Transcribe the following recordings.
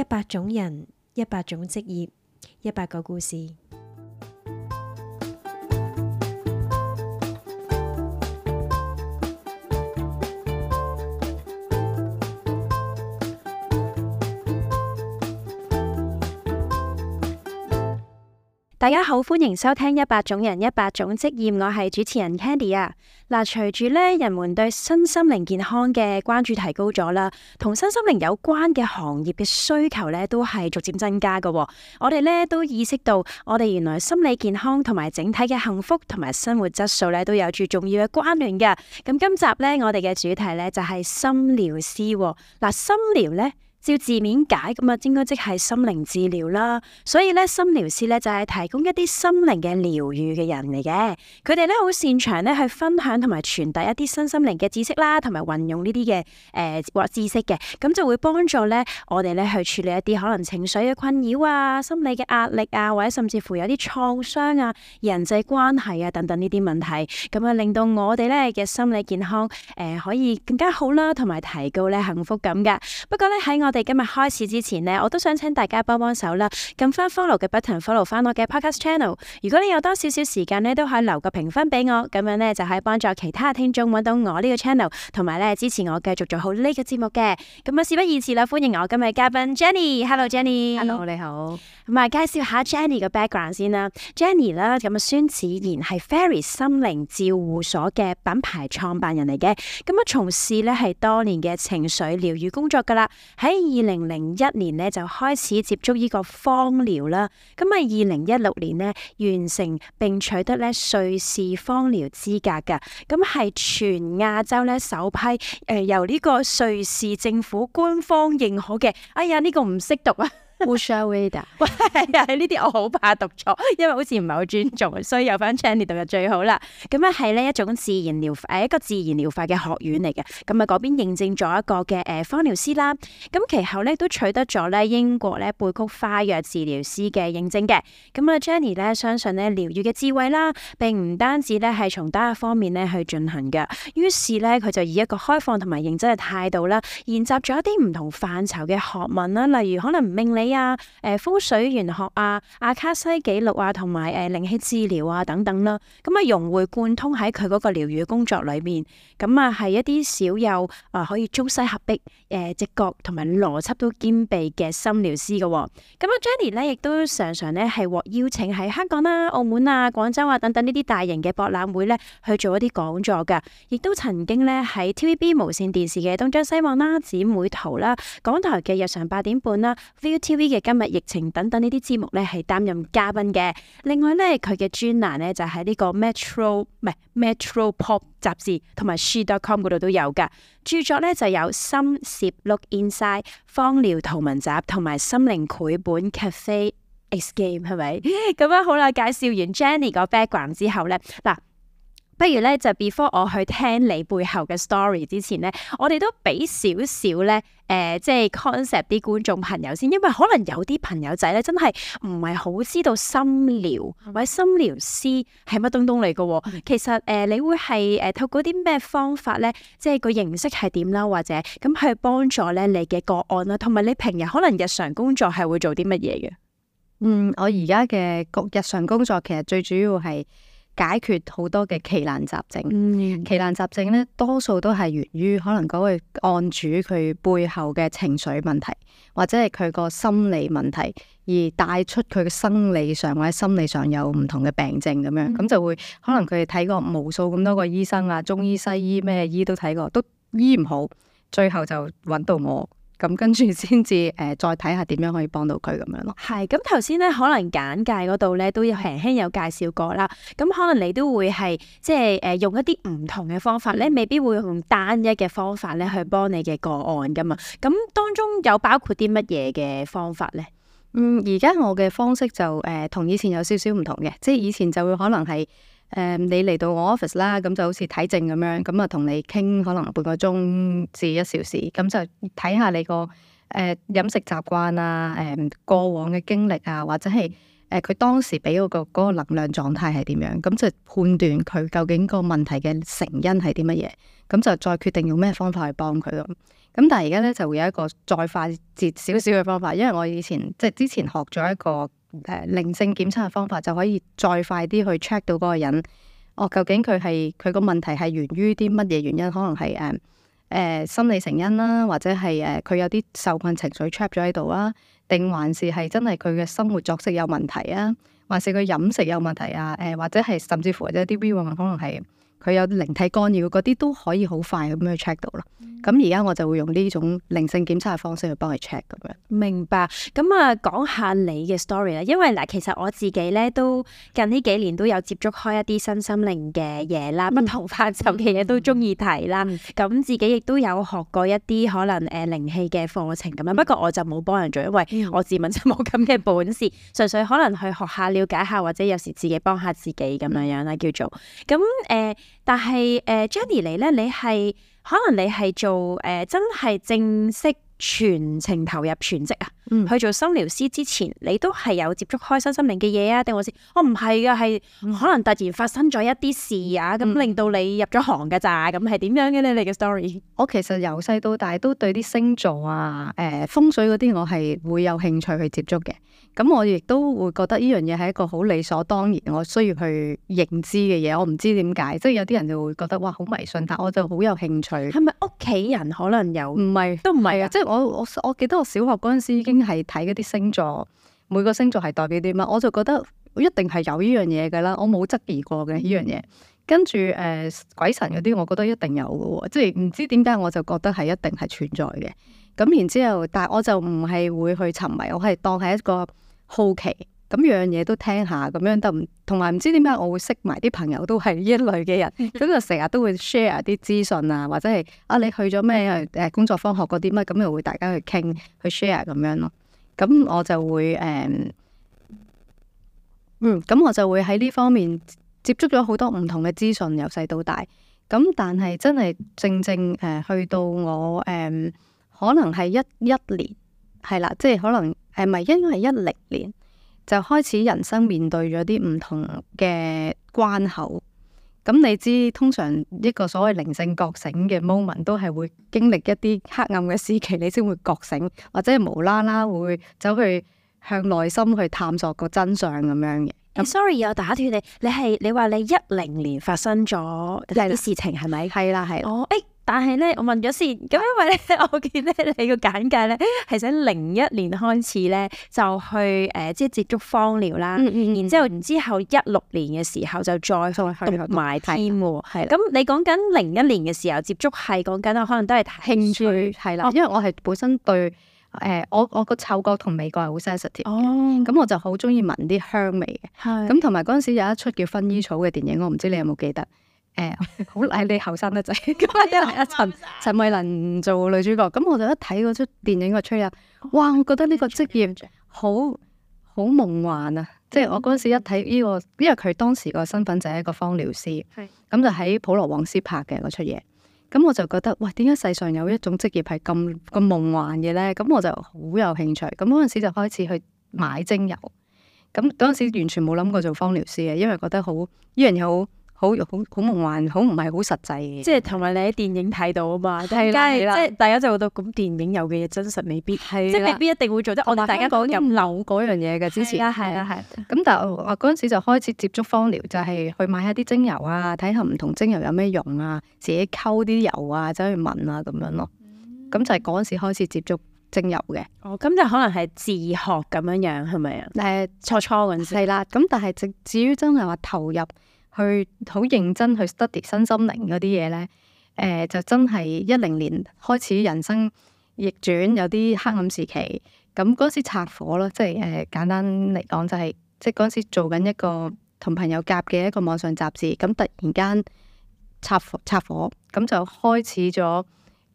一百種人，一百種職業，一百個故事。大家好，歡迎收聽一百種人一百種職業，我係主持人 Candy 啊。嗱，隨住咧人們對身心靈健康嘅關注提高咗啦，同身心靈有關嘅行業嘅需求咧都係逐漸增加嘅。我哋咧都意識到，我哋原來心理健康同埋整體嘅幸福同埋生活質素咧都有住重要嘅關聯嘅。咁今集咧我哋嘅主題咧就係、是、心療師。嗱、啊，心療咧。照字面解，咁啊，應該即係心靈治療啦。所以咧，心療師咧就係提供一啲心靈嘅療癒嘅人嚟嘅。佢哋咧好擅長咧去分享同埋傳遞一啲身心靈嘅知識啦，同埋運用呢啲嘅誒或知識嘅，咁就會幫助咧我哋咧去處理一啲可能情緒嘅困擾啊、心理嘅壓力啊，或者甚至乎有啲創傷啊、人際關係啊等等呢啲問題，咁啊令到我哋咧嘅心理健康誒、呃、可以更加好啦，同埋提高咧幸福感嘅。不過咧喺我。我哋今日開始之前呢，我都想請大家幫幫手啦，撳翻 follow 嘅 button，follow 翻我嘅 podcast channel。如果你有多少少時間呢，都可以留個評分俾我，咁樣呢，就可以幫助其他聽眾揾到我呢個 channel，同埋呢支持我繼續做好呢個節目嘅。咁啊，事不宜遲啦，歡迎我今日嘅嘉賓 Jenny。Hello，Jenny。Hello，你好。咁啊介紹下 Jenny 嘅 background 先啦。Jenny 咧咁啊，孫子然係 Fairy 心靈照護所嘅品牌創辦人嚟嘅，咁啊，從事呢係多年嘅情緒療癒工作噶啦喺。二零零一年咧就開始接觸呢個芳療啦，咁啊二零一六年呢，完成並取得咧瑞士芳療資格嘅，咁係全亞洲咧首批誒由呢個瑞士政府官方認可嘅。哎呀，呢、這個唔識讀啊！b 呢啲我好怕讀錯，因為好似唔係好尊重，所以有翻 Jenny 讀就最好啦。咁啊，係咧一種自然療法，係一個自然療法嘅學院嚟嘅。咁啊，嗰邊認證咗一個嘅誒芳療師啦。咁其後咧都取得咗咧英國咧貝曲花藥治療師嘅認證嘅。咁啊 ，Jenny 咧相信呢療癒嘅智慧啦，並唔單止咧係從單一方面咧去進行嘅。於是咧佢就以一個開放同埋認真嘅態度啦，研習咗一啲唔同範疇嘅學問啦，例如可能命理。啊！誒，風水玄學啊，阿、啊、卡西記錄啊，同埋誒靈氣治療啊，等等啦、啊，咁啊融會貫通喺佢嗰個療癒工作裏面，咁啊係一啲少有啊可以中西合璧誒、啊、直覺同埋邏輯都兼備嘅心療師嘅、啊。咁啊，Jenny 呢，亦都常常咧係獲邀請喺香港啦、啊、澳門啊、廣州啊等等呢啲大型嘅博覽會咧去做一啲講座嘅，亦都曾經咧喺 TVB 無線電視嘅東張西望啦、啊、姊妹淘啦、啊、港台嘅日常八點半啦、ViuTV 今日疫情等等節呢啲節目咧，係擔任嘉賓嘅。另外咧，佢嘅專欄咧就喺、是、呢個 Metro 唔係 Metro Pop 雜誌同埋 She dot com 嗰度都有噶。著作咧就有《心攝 Look Inside》、《芳療圖文集》同埋《心靈繪本 Cafe Escape》係 咪、嗯？咁啊好啦，介紹完 Jenny 個 background 之後咧，嗱。不如咧，就 before 我去聽你背後嘅 story 之前咧，我哋都俾少少咧，誒、呃，即係 concept 啲觀眾朋友先，因為可能有啲朋友仔咧，真係唔係好知道心療，或者心療師係乜東東嚟嘅。其實誒、呃，你會係誒，透過啲咩方法咧，即係個形式係點啦，或者咁去幫助咧你嘅個案啦，同埋你平日可能日常工作係會做啲乜嘢嘅？嗯，我而家嘅日常工作其實最主要係。解決好多嘅奇難雜症，奇難雜症咧，多數都係源於可能嗰個案主佢背後嘅情緒問題，或者係佢個心理問題，而帶出佢嘅生理上或者心理上有唔同嘅病症咁樣，咁就會可能佢哋睇過無數咁多個醫生啊，中醫西醫咩醫都睇過，都醫唔好，最後就揾到我。咁跟住先至誒，再睇下點樣可以幫到佢咁樣咯。係，咁頭先咧，可能簡介嗰度咧都有輕輕有介紹過啦。咁可能你都會係即係誒用一啲唔同嘅方法咧，未必會用單一嘅方法咧去幫你嘅個案噶嘛。咁當中有包括啲乜嘢嘅方法咧？嗯，而家我嘅方式就誒同、呃、以前有少少唔同嘅，即係以前就會可能係。誒，你嚟到我 office 啦，咁就好似睇症咁樣，咁啊同你傾可能半個鐘至一小時，咁就睇下你個誒飲食習慣啊，誒、呃、過往嘅經歷啊，或者係誒佢當時俾嗰個個能量狀態係點樣，咁就判斷佢究竟個問題嘅成因係啲乜嘢，咁就再決定用咩方法去幫佢囉。咁但係而家咧就會有一個再快捷少少嘅方法，因為我以前即係之前學咗一個。誒，靈、呃、性檢測嘅方法就可以再快啲去 check 到嗰個人，我、哦、究竟佢係佢個問題係源於啲乜嘢原因？可能係誒誒心理成因啦，啊，或者係誒佢有啲受困情緒 trap 咗喺度啦，定還是係真係佢嘅生活作息有問題啊？還是佢飲食有問題啊？誒、呃，或者係甚至乎或者啲 view 可能係。佢有啲靈體干擾嗰啲都可以好快咁樣去 check 到囉。咁而家我就會用呢種靈性檢查嘅方式去幫佢 check 咁樣。明白。咁啊，講下你嘅 story 啦。因為嗱，其實我自己咧都近呢幾年都有接觸開一啲身心靈嘅嘢啦，嗯、不同範疇嘅嘢都中意睇啦。咁、嗯、自己亦都有學過一啲可能誒、呃、靈氣嘅課程咁樣。不過我就冇幫人做，因為我自問就冇咁嘅本事，純粹可能去學下、了解下，或者有時自己幫下自己咁樣樣啦，嗯、叫做。咁誒。呃但係，誒、呃、Jenny 嚟咧，你係可能你係做誒、呃，真係正式。全程投入全職啊、嗯！去做心療師之前，你都係有接觸開身心靈嘅嘢啊？定還先？我唔係嘅，係可能突然發生咗一啲事啊，咁令到你入咗行嘅咋？咁係點樣嘅咧？你嘅 story？我其實由細到大都對啲星座啊、誒、呃、風水嗰啲，我係會有興趣去接觸嘅。咁我亦都會覺得呢樣嘢係一個好理所當然，我需要去認知嘅嘢。我唔知點解，即係有啲人就會覺得哇，好迷信，但我就好有興趣。係咪屋企人可能有？唔係，都唔係啊！即係。我我我記得我小學嗰陣時已經係睇嗰啲星座，每個星座係代表啲乜，我就覺得一定係有呢樣嘢㗎啦，我冇質疑過嘅呢樣嘢。跟住誒、呃、鬼神嗰啲，我覺得一定有嘅，即係唔知點解我就覺得係一定係存在嘅。咁然之後，但係我就唔係會去沉迷，我係當係一個好奇。咁樣嘢都聽下，咁樣得唔同埋唔知點解我會識埋啲朋友都係呢一類嘅人，咁就成日都會 share 啲資訊啊，或者係啊你去咗咩誒工作方學嗰啲乜，咁又會大家去傾去 share 咁樣咯。咁我就會誒，嗯，咁我就會喺呢方面接觸咗好多唔同嘅資訊，由細到大。咁但係真係正正誒、呃，去到我誒、嗯，可能係一一年，係啦，即係可能誒，唔係應該係一零年。就開始人生面對咗啲唔同嘅關口，咁你知通常一個所謂靈性覺醒嘅 moment 都係會經歷一啲黑暗嘅時期，你先會覺醒，或者係無啦啦會走去向內心去探索個真相咁樣嘅。咁、hey, sorry，我打斷你，你係你話你一零年發生咗啲事情係咪？係啦係哦誒。 但係咧，我問咗先，咁因為咧，我見咧你個簡介咧係喺零一年開始咧就去誒，即、呃、係接觸芳療啦，嗯嗯、然之後之後一六年嘅時候就再去埋添，係，咁、嗯、你講緊零一年嘅時候接觸係講緊，可能都係興趣係啦，對因為我係本身對誒我我個嗅覺同味覺係好 sensitive 哦，咁我就好中意聞啲香味嘅，係對，咁同埋嗰陣時有一出叫薰衣草嘅電影，我唔知你有冇記得？誒，好賴 你後生得仔。咁啊，陳陳慧琳做女主角，咁我就一睇嗰出電影個出入，哇！我覺得呢個職業好好夢幻啊，即係我嗰時一睇呢個，因為佢當時個身份就係一個芳療師，係咁就喺普羅旺斯拍嘅嗰出嘢。咁我就覺得，喂，點解世上有一種職業係咁咁夢幻嘅咧？咁我就好有興趣，咁嗰陣時就開始去買精油，咁嗰陣時完全冇諗過做芳療師嘅，因為覺得好呢樣又好。好好好夢幻，好唔係好實際嘅。即係同埋你喺電影睇到啊嘛，大家即係大家就話到咁，電影有嘅嘢真實未必，即係未必一定會做得。我哋大家講咁樓嗰樣嘢嘅之前，係啦係咁，但係我嗰陣時就開始接觸芳療，就係、是、去買下啲精油啊，睇下唔同精油有咩用啊，自己溝啲油啊，走去聞啊咁樣咯。咁、嗯嗯、就係嗰陣時開始接觸精油嘅。哦，咁就可能係自學咁樣樣係咪啊？誒，是初初嗰陣時係啦。咁但係至至於真係話投入。去好認真去 study 身心靈嗰啲嘢呢，誒、呃、就真係一零年開始，人生逆轉，有啲黑暗時期。咁嗰時拆火咯，即係誒、呃、簡單嚟講就係、是，即係嗰時做緊一個同朋友夾嘅一個網上雜誌，咁突然間拆火拆火，咁就開始咗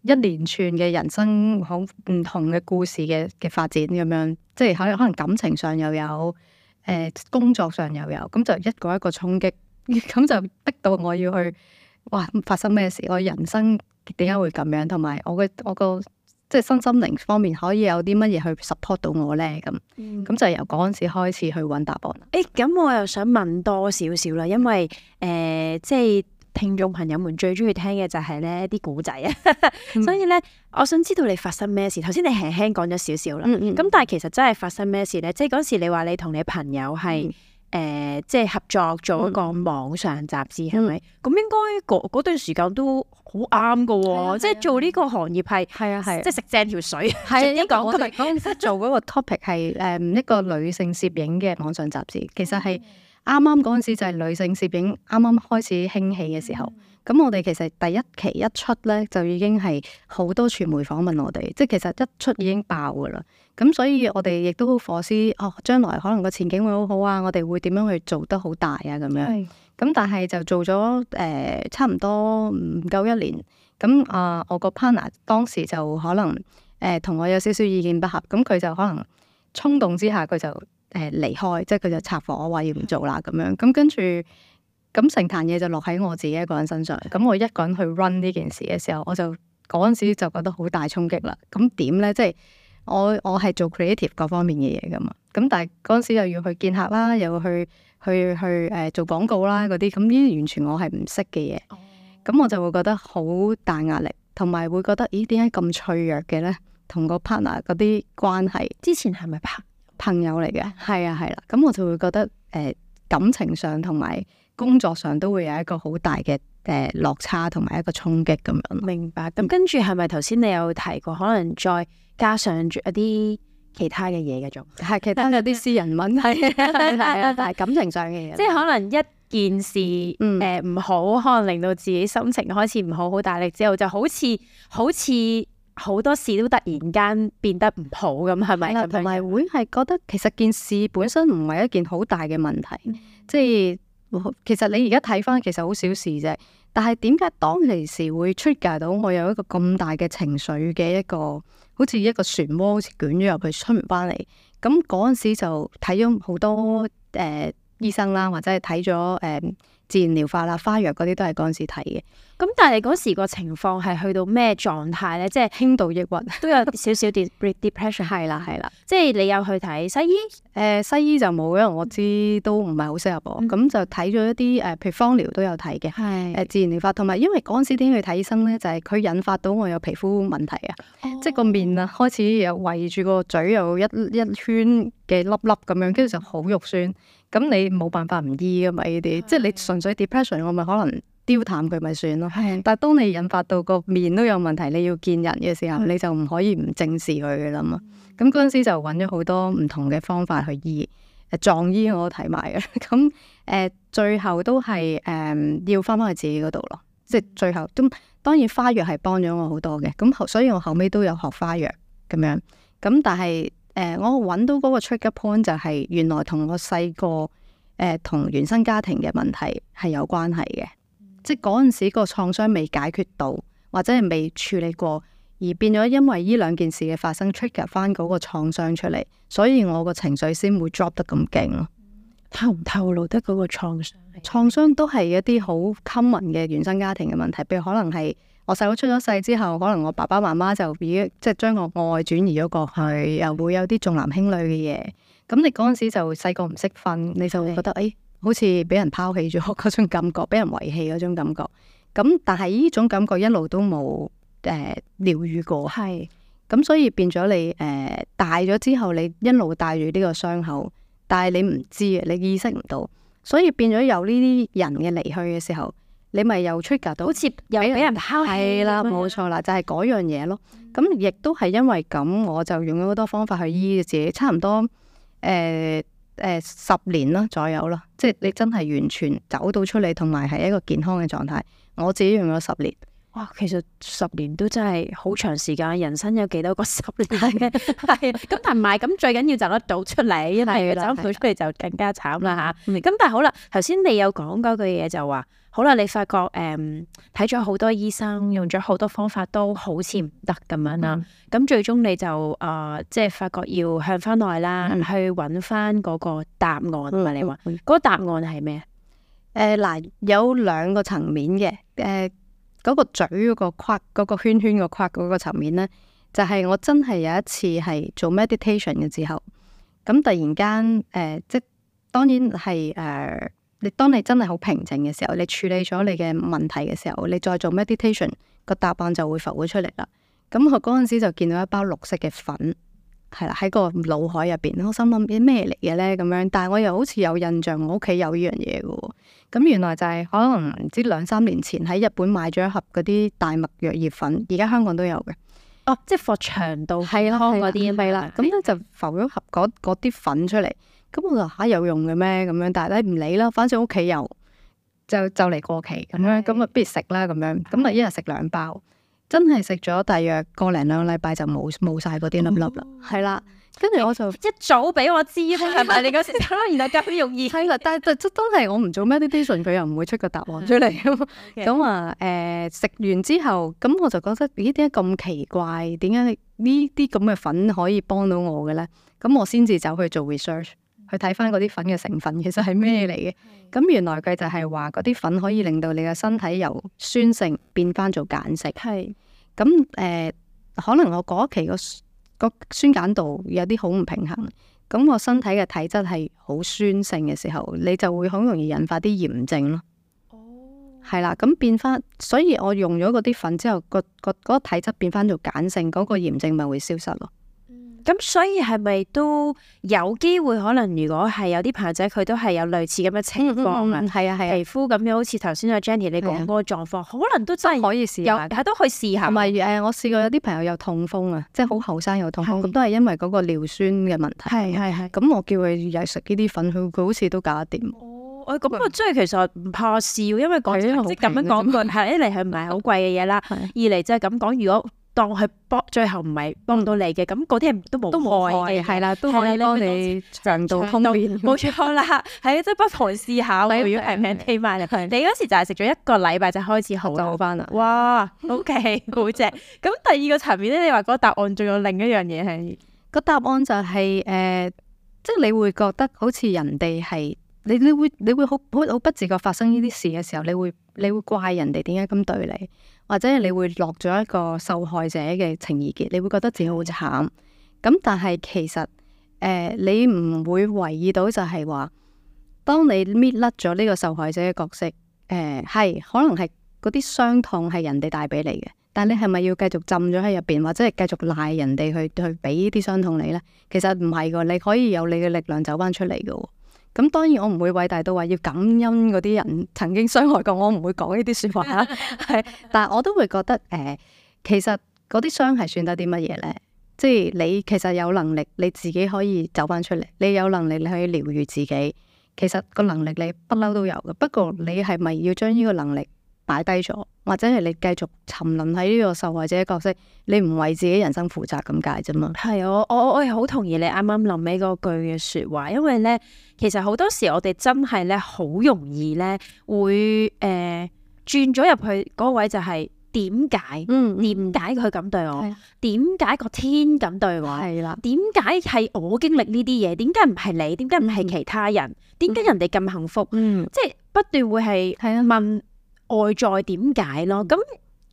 一連串嘅人生好唔同嘅故事嘅嘅發展咁樣，即係可可能感情上又有，誒、呃、工作上又有，咁就一個一個衝擊。咁就逼到我要去，哇！發生咩事？我人生點解會咁樣？同埋我嘅我個即係身心靈方面可以有啲乜嘢去 support 到我咧？咁咁就由嗰陣時開始去揾答案。誒、欸，咁我又想問多少少啦，因為誒、呃、即係聽眾朋友們最中意聽嘅就係咧啲古仔啊， 所以咧呢、嗯、我想知道你發生咩事？頭先你輕輕講咗少少啦，咁、嗯嗯、但係其實真係發生咩事咧？即係嗰陣時你話你同你朋友係、嗯。誒、呃，即係合作做一個網上雜誌係咪？咁、嗯、吧應該嗰、那個、段時間都好啱噶，即係 做呢個行業係係 啊係，即係食正條水。係呢、啊 這個 我哋嗰陣時做嗰個 topic 係誒 一個女性攝影嘅網上雜誌，其實係啱啱嗰陣時就係女性攝影啱啱開始興起嘅時候。 咁我哋其實第一期一出呢，就已經係好多傳媒訪問我哋，即係其實一出已經爆㗎喇。咁所以我哋亦都好火師哦，將來可能個前景會好好啊！我哋會點樣去做得好大啊？咁樣。咁是但係就做咗誒、呃、差唔多唔夠一年，咁啊、呃、我個 partner 當時就可能誒同、呃、我有少少意見不合，咁佢就可能衝動之下佢就誒離、呃、開，即係佢就拆夥話要唔做啦咁樣。咁跟住。咁成壇嘢，就落喺我自己一個人身上，咁我一個人去 run 呢件事嘅時候，我就嗰陣時就覺得好大衝擊啦。咁點呢？即係我我係做 creative 各方面嘅嘢噶嘛，咁但係嗰陣時又要去見客啦，又去去去誒做廣告啦嗰啲，咁呢啲完全我係唔識嘅嘢，咁我就會覺得好大壓力，同埋會覺得咦，點解咁脆弱嘅呢？同個 partner 嗰啲關係，之前係咪朋朋友嚟嘅？係啊係啦，咁、啊啊、我就會覺得誒感情上同埋。工作上都會有一個好大嘅誒落差，同埋一個衝擊咁樣。明白。咁跟住係咪頭先你有提過，可能再加上住一啲其他嘅嘢嘅種？係其他有啲私人問題，係啊 的， 但係感情上嘅嘢，即係可能一件事，誒唔好，嗯、可能令到自己心情開始唔好，好大力之後，就好似好似好多事都突然間變得唔好咁，係咪？係啦，同埋會係覺得，其實件事本身唔係一件好大嘅問題，嗯、即係。其實你而家睇翻，其實好小事啫。但係點解當其時會 trigger 到我有一個咁大嘅情緒嘅一個，好似一個漩渦，好似捲咗入去出唔翻嚟。咁嗰陣時就睇咗好多誒、呃、醫生啦，或者係睇咗誒。呃自然療法啦，花藥嗰啲都係嗰陣時睇嘅。咁但係嗰時個情況係去到咩狀態咧？即係輕度抑鬱 都有少少啲 depression。係啦，係啦。即係你有去睇西醫？誒、呃、西醫就冇因嘅，我知都唔係好適合我。咁、嗯、就睇咗一啲誒，譬、呃、如芳療都有睇嘅，係誒是、呃、自然療法。同埋因為嗰陣時點去睇醫生咧，就係、是、佢引發到我有皮膚問題啊，哦、即係個面啊開始又圍住個嘴有一圈嘅粒粒咁樣，跟住就好肉酸。咁你冇辦法唔醫噶嘛？呢啲 即係你純粹 depression，我咪可能丟淡佢咪算咯。 但係當你引發到個面都有問題，你要見人嘅時候，你就唔可以唔正視佢嘅啦嘛。咁嗰陣時就揾咗好多唔同嘅方法去醫，誒、呃、撞醫我睇埋嘅。咁 誒、呃、最後都係誒、呃、要翻翻去自己嗰度咯。即、就、係、是、最後都當然花藥係幫咗我好多嘅。咁所以我後尾都有學花藥咁樣。咁但係。誒、呃，我揾到嗰個 trigger point 就係原來同我細個誒同原生家庭嘅問題係有關係嘅，嗯、即係嗰陣時個創傷未解決到，或者係未處理過，而變咗因為呢兩件事嘅發生，trigger 翻嗰個創傷出嚟，所以我個情緒先會 drop 得咁勁、嗯。透唔透露得嗰個創傷？創傷都係一啲好 common 嘅原生家庭嘅問題，譬如可能係。我細佬出咗世之後，可能我爸爸媽媽就已經即係將個愛轉移咗過去，又會有啲重男輕女嘅嘢。咁你嗰陣時就細個唔識分，你就會覺得誒的、哎，好似俾人拋棄咗嗰種感覺，俾人遺棄嗰種感覺。咁但係呢種感覺一路都冇誒療愈過，係的。咁所以變咗你誒、呃、大咗之後，你一路帶住呢個傷口，但係你唔知啊，你意識唔到，所以變咗有呢啲人嘅離去嘅時候。你咪又 trigger 到，好似又俾人拋棄啦，冇錯啦，就係、係、嗰樣嘢咯。咁亦都係因為咁，我就用咗好多方法去醫自己，差唔多誒誒十年咯，左右咯。即係你真係完全走到出嚟，同埋係一個健康嘅狀態。我自己用咗十年，哇！其實十年都真係好長時間，人生有幾多個十年嘅？係咁是的， 但唔係咁最緊要走得到出嚟，因為走唔到出嚟就更加慘啦吓？咁但係好啦，頭先你有講嗰句嘢就話。就好啦，你發覺誒，睇咗好多醫生，用咗好多方法都好似唔得咁樣啦。咁、嗯、最終你就誒、呃，即係發覺要向翻內啦，嗯、去搵翻嗰個答案。唔係、嗯、你話嗰、那個答案係咩？誒、呃，嗱，有兩個層面嘅。誒、呃，嗰、那個嘴嗰個框，嗰、那個圈圈個框嗰個層面咧，就係、是、我真係有一次係做 meditation 嘅時候，咁突然間誒、呃，即係當然係誒。呃你當你真係好平靜嘅時候，你處理咗你嘅問題嘅時候，你再做 meditation，個答案就會浮咗出嚟啦。咁我嗰陣時就見到一包綠色嘅粉，係啦，喺個腦海入邊。我心諗啲咩嚟嘅咧？咁樣，但係我又好似有印象我有，我屋企有呢樣嘢嘅喎。咁原來就係可能唔知兩三年前喺日本買咗一盒嗰啲大麥藥葉粉，而家香港都有嘅。哦，即係放長度湯嗰啲啦。咁樣就浮咗盒嗰啲粉出嚟。咁我就吓、啊、有用嘅咩？咁樣，但係咧唔理啦，反正屋企又就就嚟過期咁 Right. 樣，咁啊，必食啦咁樣，咁啊，一日食兩包，真係食咗大約個零兩個禮拜就冇冇晒嗰啲粒粒啦，係啦，跟住我就一早俾我知啦，係咪？你嗰時，然後啲 容易，係啦。 但係就真係我唔做 meditation，佢又唔會出個答案出嚟。咁 啊 Okay.、嗯、誒、呃，食完之後，咁我就覺得咦，點解咁奇怪？點解呢啲咁嘅粉可以幫到我嘅咧？咁我先至走去做 research。去睇翻嗰啲粉嘅成分，其實係咩嚟嘅？咁、嗯、原來佢就係話嗰啲粉可以令到你嘅身體由酸性變翻做鹼性。係咁誒，可能我嗰期個個酸鹼度有啲好唔平衡，咁、嗯、我身體嘅體質係好酸性嘅時候，你就會好容易引發啲炎症咯。哦，係啦，咁變翻，所以我用咗嗰啲粉之後，嗰個個嗰、嗰個體質變翻做鹼性，嗰、嗰個炎症咪會消失咯。咁所以係咪都有機會？可能如果係有啲朋友仔佢都係有類似咁嘅情況啊，係啊，係啊，皮膚咁樣好似頭先阿 Jenny 你講嗰個狀況，可能都真係可以試下，係都可以試下。唔係誒，我試過有啲朋友有痛風啊，即係好後生有痛風，咁都係因為嗰個尿酸嘅問題。係係係。咁我叫佢又食呢啲粉，佢佢好似都搞得掂。哦，我咁啊，即係其實唔怕笑，因為講即係咁樣講句，係一嚟係唔係好貴嘅嘢啦，二嚟就係咁講，如果。當佢搏最後唔係幫到你嘅，咁嗰啲都冇都冇害嘅。係啦，都可以幫你腸道通便冇錯啦。係啊，即係不妨試下，如果係咪睇埋入去？你嗰時就係食咗一個禮拜就開始好，就好翻啦。哇，OK，好正。咁第二個層面咧，你話嗰答案仲有另一樣嘢係？個答案就係誒，即係你會覺得好似人哋係。你都會，你會好好不自覺發生呢啲事嘅時候，你會你會怪人哋點解咁對你，或者你會落咗一個受害者嘅情意結，你會覺得自己好慘。咁但係其實誒、呃，你唔會懷疑到就係話，當你搣甩咗呢個受害者嘅角色，誒、呃、係可能係嗰啲傷痛係人哋帶俾你嘅，但你係咪要繼續浸咗喺入邊，或者係繼續賴人哋去去俾呢啲傷痛你呢？其實唔係噶，你可以有你嘅力量走翻出嚟噶。咁當然我唔會偉大到話要感恩嗰啲人曾經傷害過我，唔會講呢啲説話啦。係，但係我都會覺得誒、呃，其實嗰啲傷係算得啲乜嘢咧？即係你其實有能力，你自己可以走翻出嚟，你有能力你可以療愈自己。其實個能力你不嬲都有嘅，不過你係咪要將呢個能力？擺低咗，或者係你繼續沉淪喺呢個受害者角色，你唔為自己人生負責咁解啫嘛？係、啊、我我我係好同意你啱啱諗起嗰句嘅說話，因為咧，其實好多時我哋真係咧好容易咧會誒轉咗入去嗰位，就係點解？嗯，點解佢咁對我？點解個天咁對我？係啦，點解係我經歷呢啲嘢？點解唔係你？點解唔係其他人？點解、嗯、人哋咁幸福？嗯，即係不斷會係係、嗯、啊問。外在點解咯？咁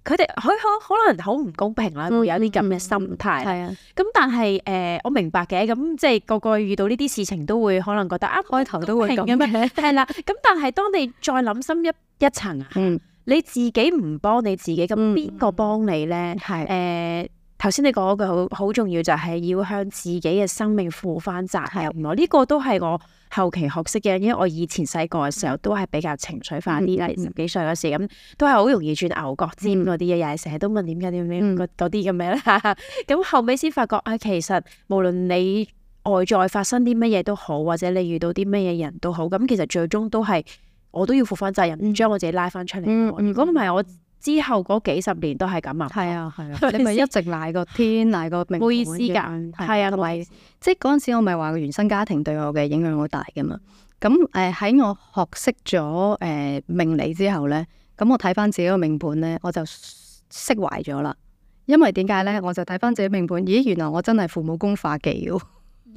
佢哋佢可可能好唔公平啦，會、嗯、有啲咁嘅心態。係、嗯嗯、啊，咁但係誒、呃，我明白嘅。咁即係個個遇到呢啲事情都會可能覺得，一開頭都會咁嘅。係啦，咁、 啊、但係當你再諗深一一層啊，嗯、你自己唔幫你自己，咁邊個幫你咧？係誒、嗯。頭先你講嗰句好好重要，就係要向自己嘅生命負翻責，係唔錯，呢個都係我後期學識嘅，因為我以前細個嘅時候都係比較情緒化啲啦，十幾歲嗰時咁都係好容易轉牛角尖嗰啲嘢，又係成日都問點解點點嗰啲咁樣啦。咁、嗯、後尾先發覺啊，其實無論你外在發生啲乜嘢都好，或者你遇到啲乜嘢人都好，咁其實最終都係我都要負翻責任，將我、嗯、自己拉翻出嚟。如果唔係我。之後嗰幾十年都係咁啊，係啊係啊，你咪一直賴個天賴個 命盤嘅，係、嗯、啊，同埋且即係嗰陣時我咪話個原生家庭對我嘅影響好大嘅嘛。咁誒喺我學識咗誒、呃、命理之後咧，咁我睇翻自己個命盤咧，我就釋懷咗啦。因為點解咧？我就睇翻自己命盤，咦，原來我真係父母宮化忌嘅、喔，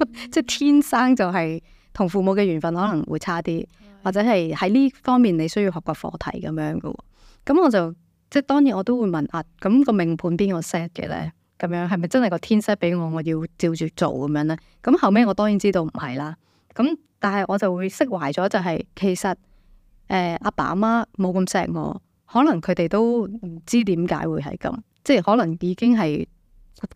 嗯、 即係天生就係同父母嘅緣分可能會差啲，或者係喺呢方面你需要學個課題咁樣嘅。咁我就。即係當然我都會問阿咁、啊個命盤邊個 set 嘅咧，咁樣係咪真係個天 set 俾我，我要照住做咁樣咧？咁後尾我當然知道唔係啦。咁但係我就會釋懷咗、就係，就係其實誒阿、呃、爸阿媽冇咁錫我，可能佢哋都唔知點解會係咁，即係可能已經係、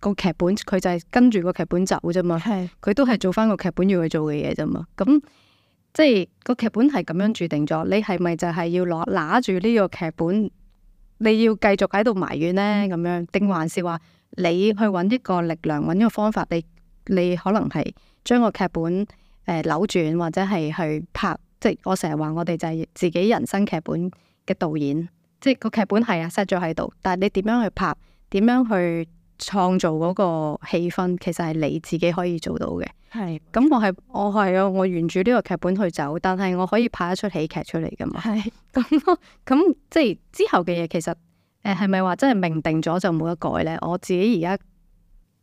個劇本，佢就係跟住個劇本走啫嘛。佢都係做翻個劇本要去做嘅嘢啫嘛。咁即係、個劇本係咁樣注定咗，你係咪就係要攞拿住呢個劇本？你要繼續喺度埋怨呢？咁樣，定還是話你去揾一個力量，揾一個方法？你你可能係將個劇本誒、呃、扭轉，或者係去拍。即係我成日話我哋就係自己人生劇本嘅導演，即係個劇本係啊 set 咗喺度，但係你點樣去拍？點樣去？創造嗰個氣氛，其實係你自己可以做到嘅。係咁的，我係我係啊，我沿住呢個劇本去走，但係我可以拍一齣喜劇出嚟噶嘛。係咁咁，即係、 就是、之後嘅嘢，其實誒係咪話真係命定咗就冇得改呢？我自己而家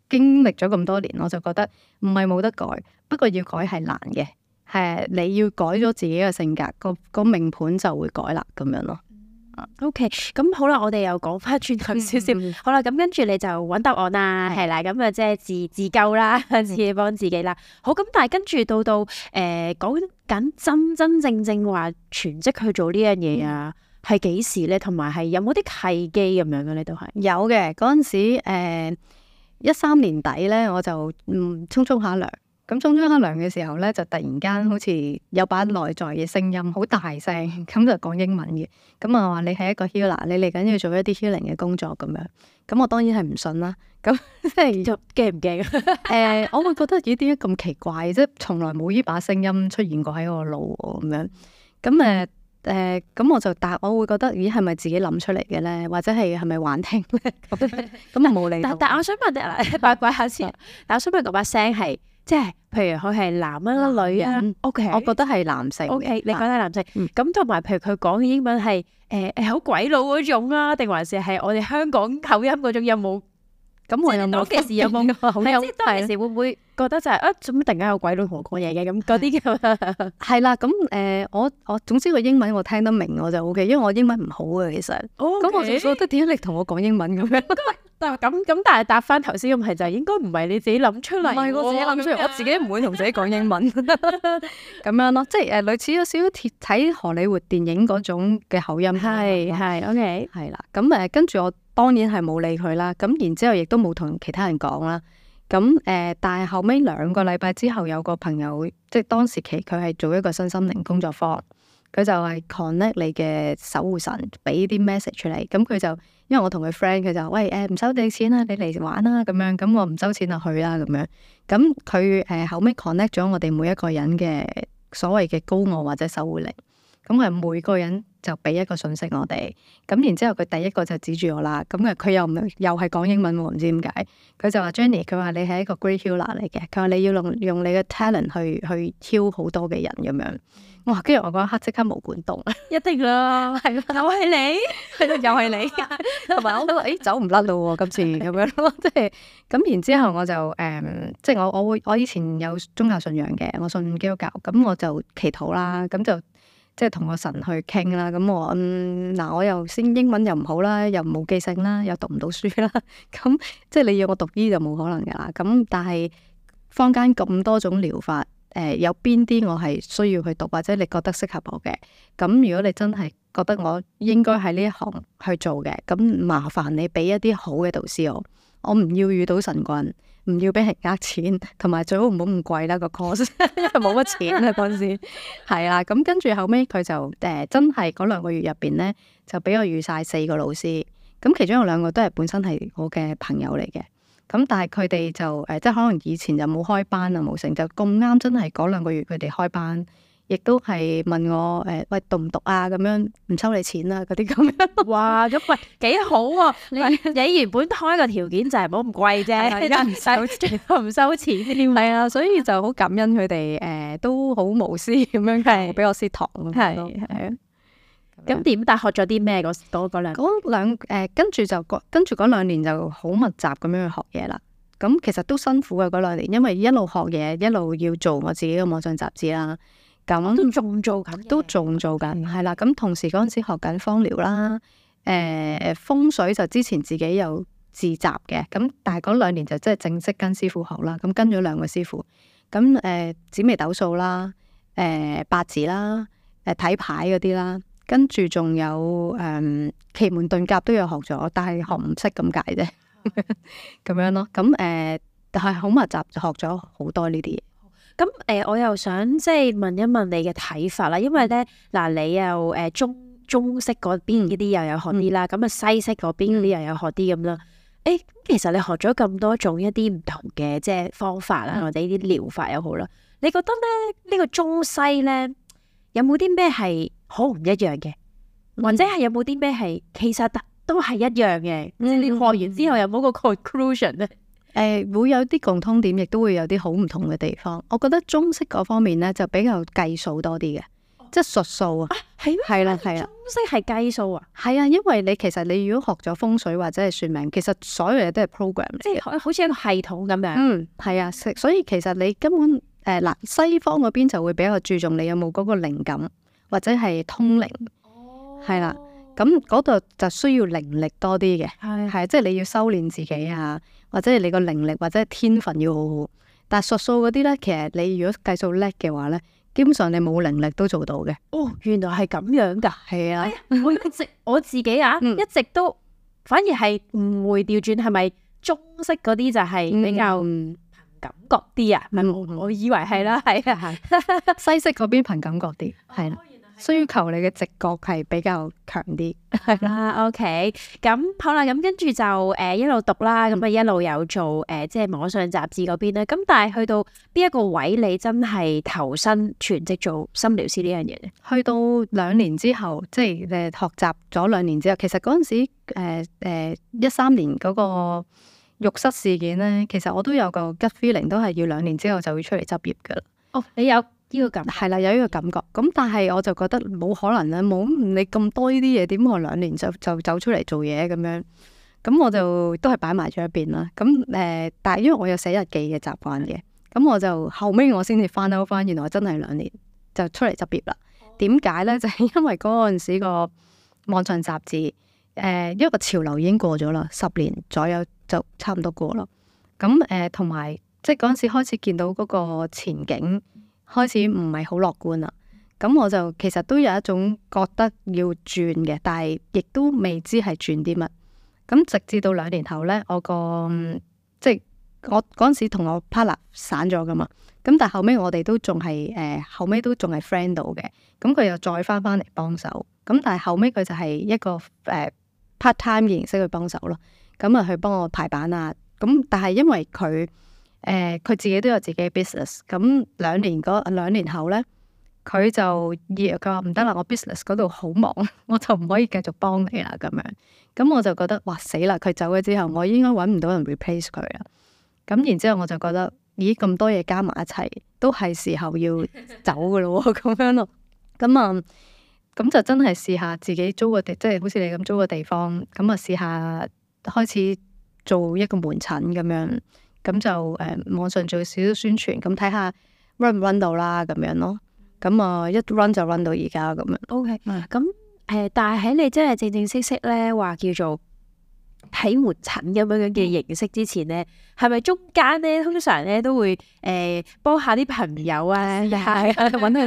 經歷咗咁多年，我就覺得唔係冇得改，不過要改係難嘅。係你要改咗自己嘅性格，個個命盤就會改啦，咁樣咯。O K，咁好啦，我哋又講翻轉頭少少，好啦，咁跟住你就揾答案啦，係啦，咁啊即係自自救啦，自己幫自己啦。 好，咁但係跟住到到誒講緊真真正正話全職去做呢樣嘢啊，係幾 時咧？同埋係有冇啲契機咁樣嘅？呢都係有嘅，嗰陣時誒一三年底咧，我就嗯沖沖下涼。咁沖沖下涼嘅時候咧，就突然間好似有把內在嘅聲音好大聲，咁就講英文嘅。咁啊話你係一個 healer，你嚟緊要做一啲 healing 嘅工作咁樣。咁我當然係唔信啦。咁即係驚唔驚？誒、 欸，我會覺得咦，點解咁奇怪？即係從來冇依把聲音出現過喺我腦喎咁樣。咁誒誒，咁、呃嗯、我就答：「我會覺得咦，係咪自己諗出嚟嘅咧？或者係係咪幻聽咧？咁啊冇理。 但 但我想問咧，拜拜下次。但我想問嗰把聲係。即係，譬如佢係男啊女啊，OK，我覺得係男，Okay, 男性。OK，你講係男性。咁同埋，譬如佢講嘅英文係誒誒好鬼佬嗰種啊，定還是係我哋香港口音嗰種有冇？咁我又冇，即係當其時有冇？即係當其時會唔會覺得就係啊？做咩突然間有鬼佬同我講嘢嘅咁嗰啲嘅？係啦，咁誒，我我總之個英文我聽得明我就 OK，因為我英文唔好嘅其實。哦，咁我就覺得，點解你同我講英文咁樣？但係咁咁，但係答翻頭先嘅問題就係，應該唔係你自己諗出嚟。唔係我自己諗出嚟，我自己唔會同自己講英文。咁樣咯，即係誒，類似有少少睇荷里活電影嗰種嘅口音。係係 OK，係啦，咁誒，跟住我。當然係冇理佢啦，咁然之後亦都冇同其他人講啦。咁誒，但係後尾兩個禮拜之後，有個朋友，即係當時期佢係做一個身心靈工作坊，佢就係 connect 你嘅守護神，俾啲 message 出嚟。咁佢就因為我同佢 friend，佢就喂，誒唔收你錢啊，你嚟玩啦，咁樣，咁我唔收錢就去啦咁樣。咁佢誒後尾 connect 咗我哋每一個人嘅所謂嘅高我或者守護靈。咁啊，每個人就俾一個信息我哋，咁然之後佢第一個就指住我啦，咁啊佢又唔又係講英文喎，唔知點解佢就話 Jenny，佢話你係一個 great healer 嚟嘅，佢話你要用用你嘅 talent 去去 heal 好多嘅人咁樣，哇！跟住我嗰一刻即刻毛管戙，一定啦，係咯， 又係你，係咯， 又係你，同埋我都話，咦，走唔甩咯喎，今次咁樣咯，即係咁，然之後我就誒、嗯，即係我我會我以前有宗教信仰嘅，我信基督教，咁我就祈禱啦，咁就。即係同個神去傾啦，咁我，嗯，嗱，我又先英文又唔好啦，又冇記性啦，又讀唔到書啦，咁 即係你要我讀醫就冇可能噶啦。咁但係坊間咁多種療法，誒、呃、有邊啲我係需要去讀或者你覺得適合我嘅？咁如果你真係覺得我應該喺呢一行去做嘅，咁麻煩你俾一啲好嘅導師我，我唔要遇到神棍。唔要俾人呃錢，同埋最好唔好咁貴啦個 course，因為冇乜錢啦嗰陣時。係啦， 咁跟住後尾，佢就誒真係嗰兩個月入邊咧，就俾我遇晒四個老師。咁其中有兩個都係本身係我嘅朋友嚟嘅。咁但係佢哋就誒、呃，即係可能以前就冇開班啊，冇成，就咁啱真係嗰兩個月佢哋開班。亦都係問我誒，喂讀唔讀啊？咁樣唔收你錢啊？嗰啲咁樣。哇！咁喂幾好喎！你你原本開個條件就係唔好咁貴啫，唔 收錢，唔 收錢。係啊，所以就好感恩佢哋誒，都好無私咁樣係俾我私堂咁多。咁點大學咗啲咩？嗰多嗰兩嗰、呃、跟住就跟住嗰兩年就好密集咁樣去學嘢啦。咁其實都辛苦嘅嗰兩年，因為一路學嘢，一路要做我自己嘅網上雜誌啦。咁、嗯、都仲做緊，都仲做緊，係啦、嗯。咁同時嗰陣時學緊芳療啦，誒、呃、風水就之前自己有自習嘅，咁但係嗰兩年就即係正式跟師傅學啦。咁跟咗兩個師傅，咁、呃、誒紫微斗數啦，誒、呃、八字啦，誒、呃、睇牌嗰啲啦，跟住仲有誒、呃、奇門遁甲都有學咗，但係學唔識咁解啫，咁、嗯嗯、樣咯。咁誒、嗯嗯嗯嗯，但係好密集學咗好多呢啲嘢。咁誒、呃，我又想即係問一問你嘅睇法啦，因為咧嗱、呃，你又誒中中式嗰邊嗰啲又有學啲啦，咁啊、嗯、西式嗰邊啲又有學啲咁啦。誒、嗯欸，其實你學咗咁多種一啲唔同嘅即係方法啦，或者啲療法又好啦，嗯、你覺得咧呢、呢個中西咧有冇啲咩係好唔一樣嘅，嗯、或者係有冇啲咩係其實都係一樣嘅？嗯、你學完之後有冇個 conclusion 咧？誒會有啲共通點，亦都會有啲好唔同嘅地方。我覺得中式嗰方面咧就比較計數多啲嘅，哦、即係術數啊，係啦係啊。了中式係計數啊，係啊，因為你其實你如果學咗風水或者係算命，其實所有嘢都係 program 嚟嘅，即係好似一個系統咁樣。嗯，係啊，所以其實你根本誒嗱、呃，西方嗰邊就會比較注重你有冇嗰個靈感或者係通靈，係啦、哦，咁嗰度就需要靈力多啲嘅，係啊的，即係你要修煉自己啊。或者係你個能力或者係天分要好好，但係術數嗰啲咧，其實你如果計數叻嘅話咧，基本上你冇能力都做到嘅。哦，原來係咁樣噶，係啊、哎，我一直我自己啊，嗯、一直都反而係唔會調轉，係咪中式嗰啲就係比較憑感覺啲啊？唔，我以為係啦，係啊，啊 西式嗰邊憑感覺啲，係啦、哦。需要求你嘅直覺係比較強啲，係 啦、啊，OK，咁好啦，咁跟住就誒、呃、一路讀啦，咁啊一路有做誒、呃、即係網上雜誌嗰邊咧，咁但係去到邊一個位你真係投身全職做心療師呢樣嘢？去到兩年之後，即係誒學習咗兩年之後，其實嗰陣時誒誒一三年嗰個浴室事件咧，其實我都有個 good feeling，都係要兩年之後就會出嚟執業噶啦。哦，oh, 你有。呢個感覺係啦，有呢個感覺。咁但係我就覺得冇可能啦，冇你咁多呢啲嘢，點我能兩年就就走出嚟做嘢咁樣？咁我就都係擺埋咗一邊啦。咁誒、呃，但係因為我有寫日記嘅習慣嘅，咁我就後尾我先至翻到翻，原來真係兩年就出嚟執業啦。點解呢？就係、是、因為嗰陣時個網上雜誌，誒、呃，因為個潮流已經過咗啦，十年左右就差唔多過啦。咁誒，同、呃、埋即係嗰陣時開始見到嗰個前景。開始唔係好樂觀啦，咁我就其實都有一種覺得要轉嘅，但係亦都未知係轉啲乜。咁直至到兩年後呢，我個即係我嗰陣時同我 partner 散咗噶嘛，咁但係後尾我哋都仲係誒，後尾都仲係 friend 到嘅。咁佢又再翻翻嚟幫手，咁但係後尾佢就係一個誒、呃、part time 嘅形式去幫手咯。咁，啊去幫我排版啊，咁但係因為佢。誒，佢、欸、自己都有自己嘅 business，咁兩年嗰兩年後呢，佢就二，佢話唔得啦，我 business 嗰度好忙，我就唔可以繼續幫你啦，咁樣，咁我就覺得哇死啦！佢走咗之後，我應該揾唔到人 replace 佢啦。咁然之後我就覺得，咦，咁多嘢加埋一齊，都係時候要走噶咯，咁樣咯，咁啊，咁、嗯、就真係試下自己租個地，即、就、係、是、好似你咁租個地方，咁啊試下開始做一個門診咁樣。咁就誒、嗯、網上做少少宣傳，咁睇下 run 唔 run 到啦，咁樣咯。咁啊一 run 就 run 到而家咁樣。OK，咁誒，但係喺你真係正正式式咧話叫做睇門診咁樣樣嘅形式之前咧，係咪、嗯、中間咧通常咧都會誒幫、呃、下啲朋友啊，揾佢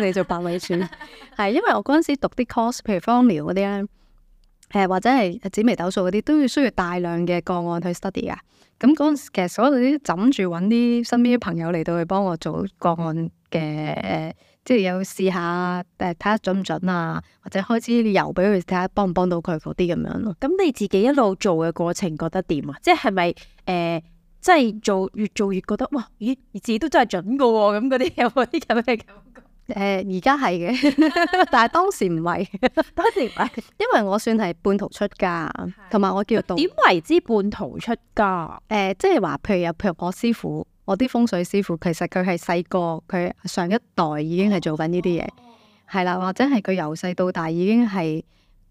哋做伴侶算，係 因為我嗰陣時讀啲 course，譬如芳療嗰啲咧，誒、呃、或者係紫微斗數嗰啲，都要需要大量嘅個案去 study 噶。咁嗰陣時其實我所有啲枕住揾啲身邊啲朋友嚟到去幫我做個案嘅，呃，即係有試下睇下準唔準啊，或者開支油俾佢睇下，看看幫唔幫到佢嗰啲咁樣咯。咁你自己一路做嘅過程覺得點啊？即係咪誒、即、呃、係做越做越覺得哇，咦，自己都真係準㗎喎、啊，咁嗰啲有冇啲咁嘅誒而家係嘅，呃、 但係當時唔係，當時唔係，因為我算係半途出家，同埋做我叫點為之半途出家？誒、呃，即係話譬如有譬如我師傅，我啲風水師傅，其實佢係細個，佢上一代已經係做緊呢啲嘢，係啦、哦哦，或者係佢由細到大已經係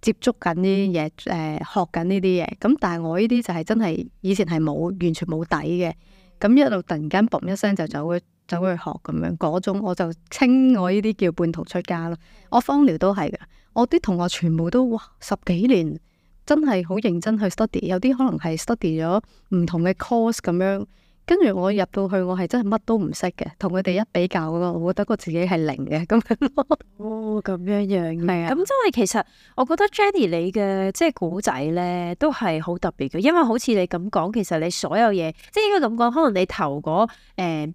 接觸緊呢啲嘢，誒、呃、學緊呢啲嘢。咁但係我呢啲就係真係以前係冇完全冇底嘅。咁一路突然間嘣一聲就走去走去學咁樣，嗰種我就稱我呢啲叫半途出家咯。我芳療都係㗎，我啲同學全部都哇十幾年，真係好認真去 study，有啲可能係 study 咗唔同嘅 course 咁樣。跟住我入到去，我係真係乜都唔識嘅，同佢哋一比較咯，我覺得我自己係零嘅咁樣。哦，咁樣樣嘅，係啊的，咁因為其實我覺得 Jenny 你嘅即係古仔咧，都係好特別嘅，因為好似你咁講，其實你所有嘢，即係應該咁講，可能你頭嗰誒、呃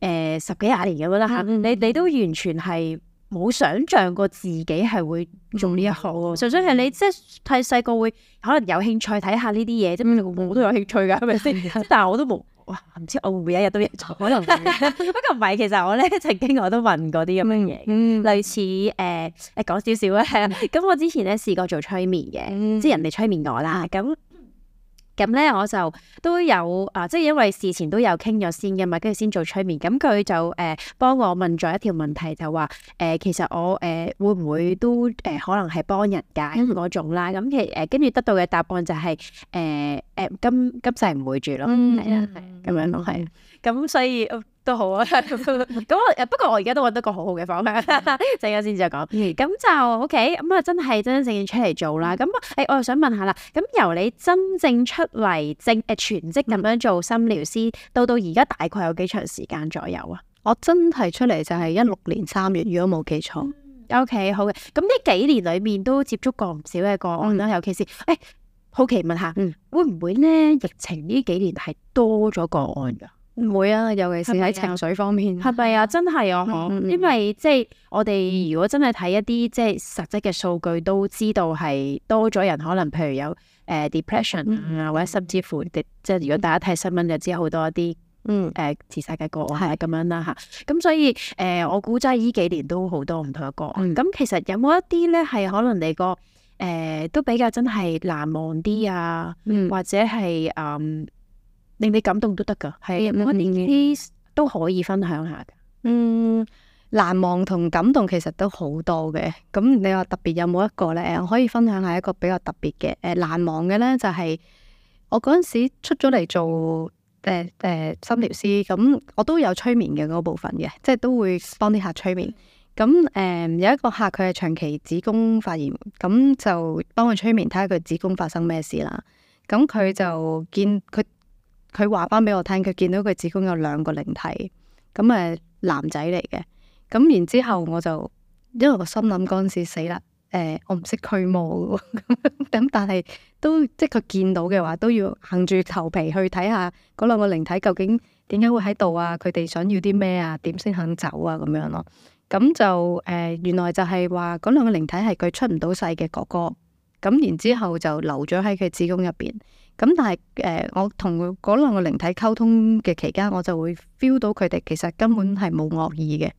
呃、十幾廿年咁樣啦嚇，嗯、你你都完全係。冇想象過自己係會做呢一行喎，嗯、純粹係你即係太細個會可能有興趣睇下呢啲嘢啫，嗯、我都有興趣噶，係咪先？ 但係我都冇，哇！唔知我會唔會一日都有做，可能 不過唔係，其實我咧曾經我都問過啲咁嘅嘢，嗯、類似誒誒講少少咧。咁、呃呃嗯、 我之前咧試過做催眠嘅，即係人哋催眠我啦，咁、嗯。咁咧我就都有啊，即係因為事前都有傾咗先嘅嘛，跟住先做催眠。咁佢就誒、呃、幫我問咗一條問題，就話誒、呃、其實我誒、呃、會唔會都誒、呃、可能係幫人介嗰種啦。咁、嗯、其誒跟住得到嘅答案就係誒誒今今世唔會住咯，嗯，係、嗯、啊，係咁樣咯，係、嗯。咁所以。都好啊，咁我誒不過我而家都揾到個好好嘅方向，陣間先再講。咁、嗯、就 OK，咁啊真係真真正正出嚟做啦。咁誒、哎，我又想問下啦，咁由你真正出嚟正誒全職咁樣做心療師，到到而家大概有幾長時間左右啊？我真係出嚟就係一六年三月，如果冇記錯。嗯、OK，好嘅，咁呢幾年裏面都接觸過唔少嘅個案啦、嗯嗯，尤其是誒、哎、好奇問下，嗯、會唔會呢疫情呢幾年係多咗個案噶？唔會啊，尤其是喺情緒方面。係咪啊？真係啊！嗯、因為、嗯、即係我哋如果真係睇一啲即係實際嘅數據，都知道係多咗人可能，譬如有誒、呃、Depression 啊、嗯，或者甚至乎、嗯、即係如果大家睇新聞就知好多一啲嗯誒自殺嘅個案係啊、咁樣啦嚇。咁所以誒、呃，我估計依幾年都好多唔同嘅個案。咁、嗯嗯、其實有冇一啲咧係可能你個誒都比較真係難忘啲啊？或者係誒？嗯嗯令你感動都得噶，係都可以分享下嘅。是嗯，難忘同感動其實都好多嘅。咁你話特別有冇一個呢？我可以分享下一個比較特別嘅。誒、呃，難忘嘅呢，就係、是、我嗰陣時出咗嚟做誒誒、呃呃，心療師。咁我都有催眠嘅嗰部分嘅，即係都會幫啲客催眠。咁誒、呃，有一個客佢係長期子宮發炎，咁就幫佢催眠睇下佢子宮發生咩事啦。咁佢就見佢。佢話翻俾我聽，佢見到佢子宮有兩個靈體，咁誒男仔嚟嘅，咁然之後我就因為個心諗嗰陣時死啦，誒、呃、我唔識驅魔嘅，咁 但係都即係佢見到嘅話，都要硬住頭皮去睇下嗰兩個靈體究竟點解會喺度啊？佢哋想要啲咩啊？點先肯走啊？咁樣咯，咁就誒、呃、原來就係話嗰兩個靈體係佢出唔到世嘅哥哥，咁然之後就留咗喺佢子宮入邊。咁但係，誒、呃，我同嗰兩個靈體溝通嘅期間，我就會 feel 到佢哋其實根本係冇惡意嘅。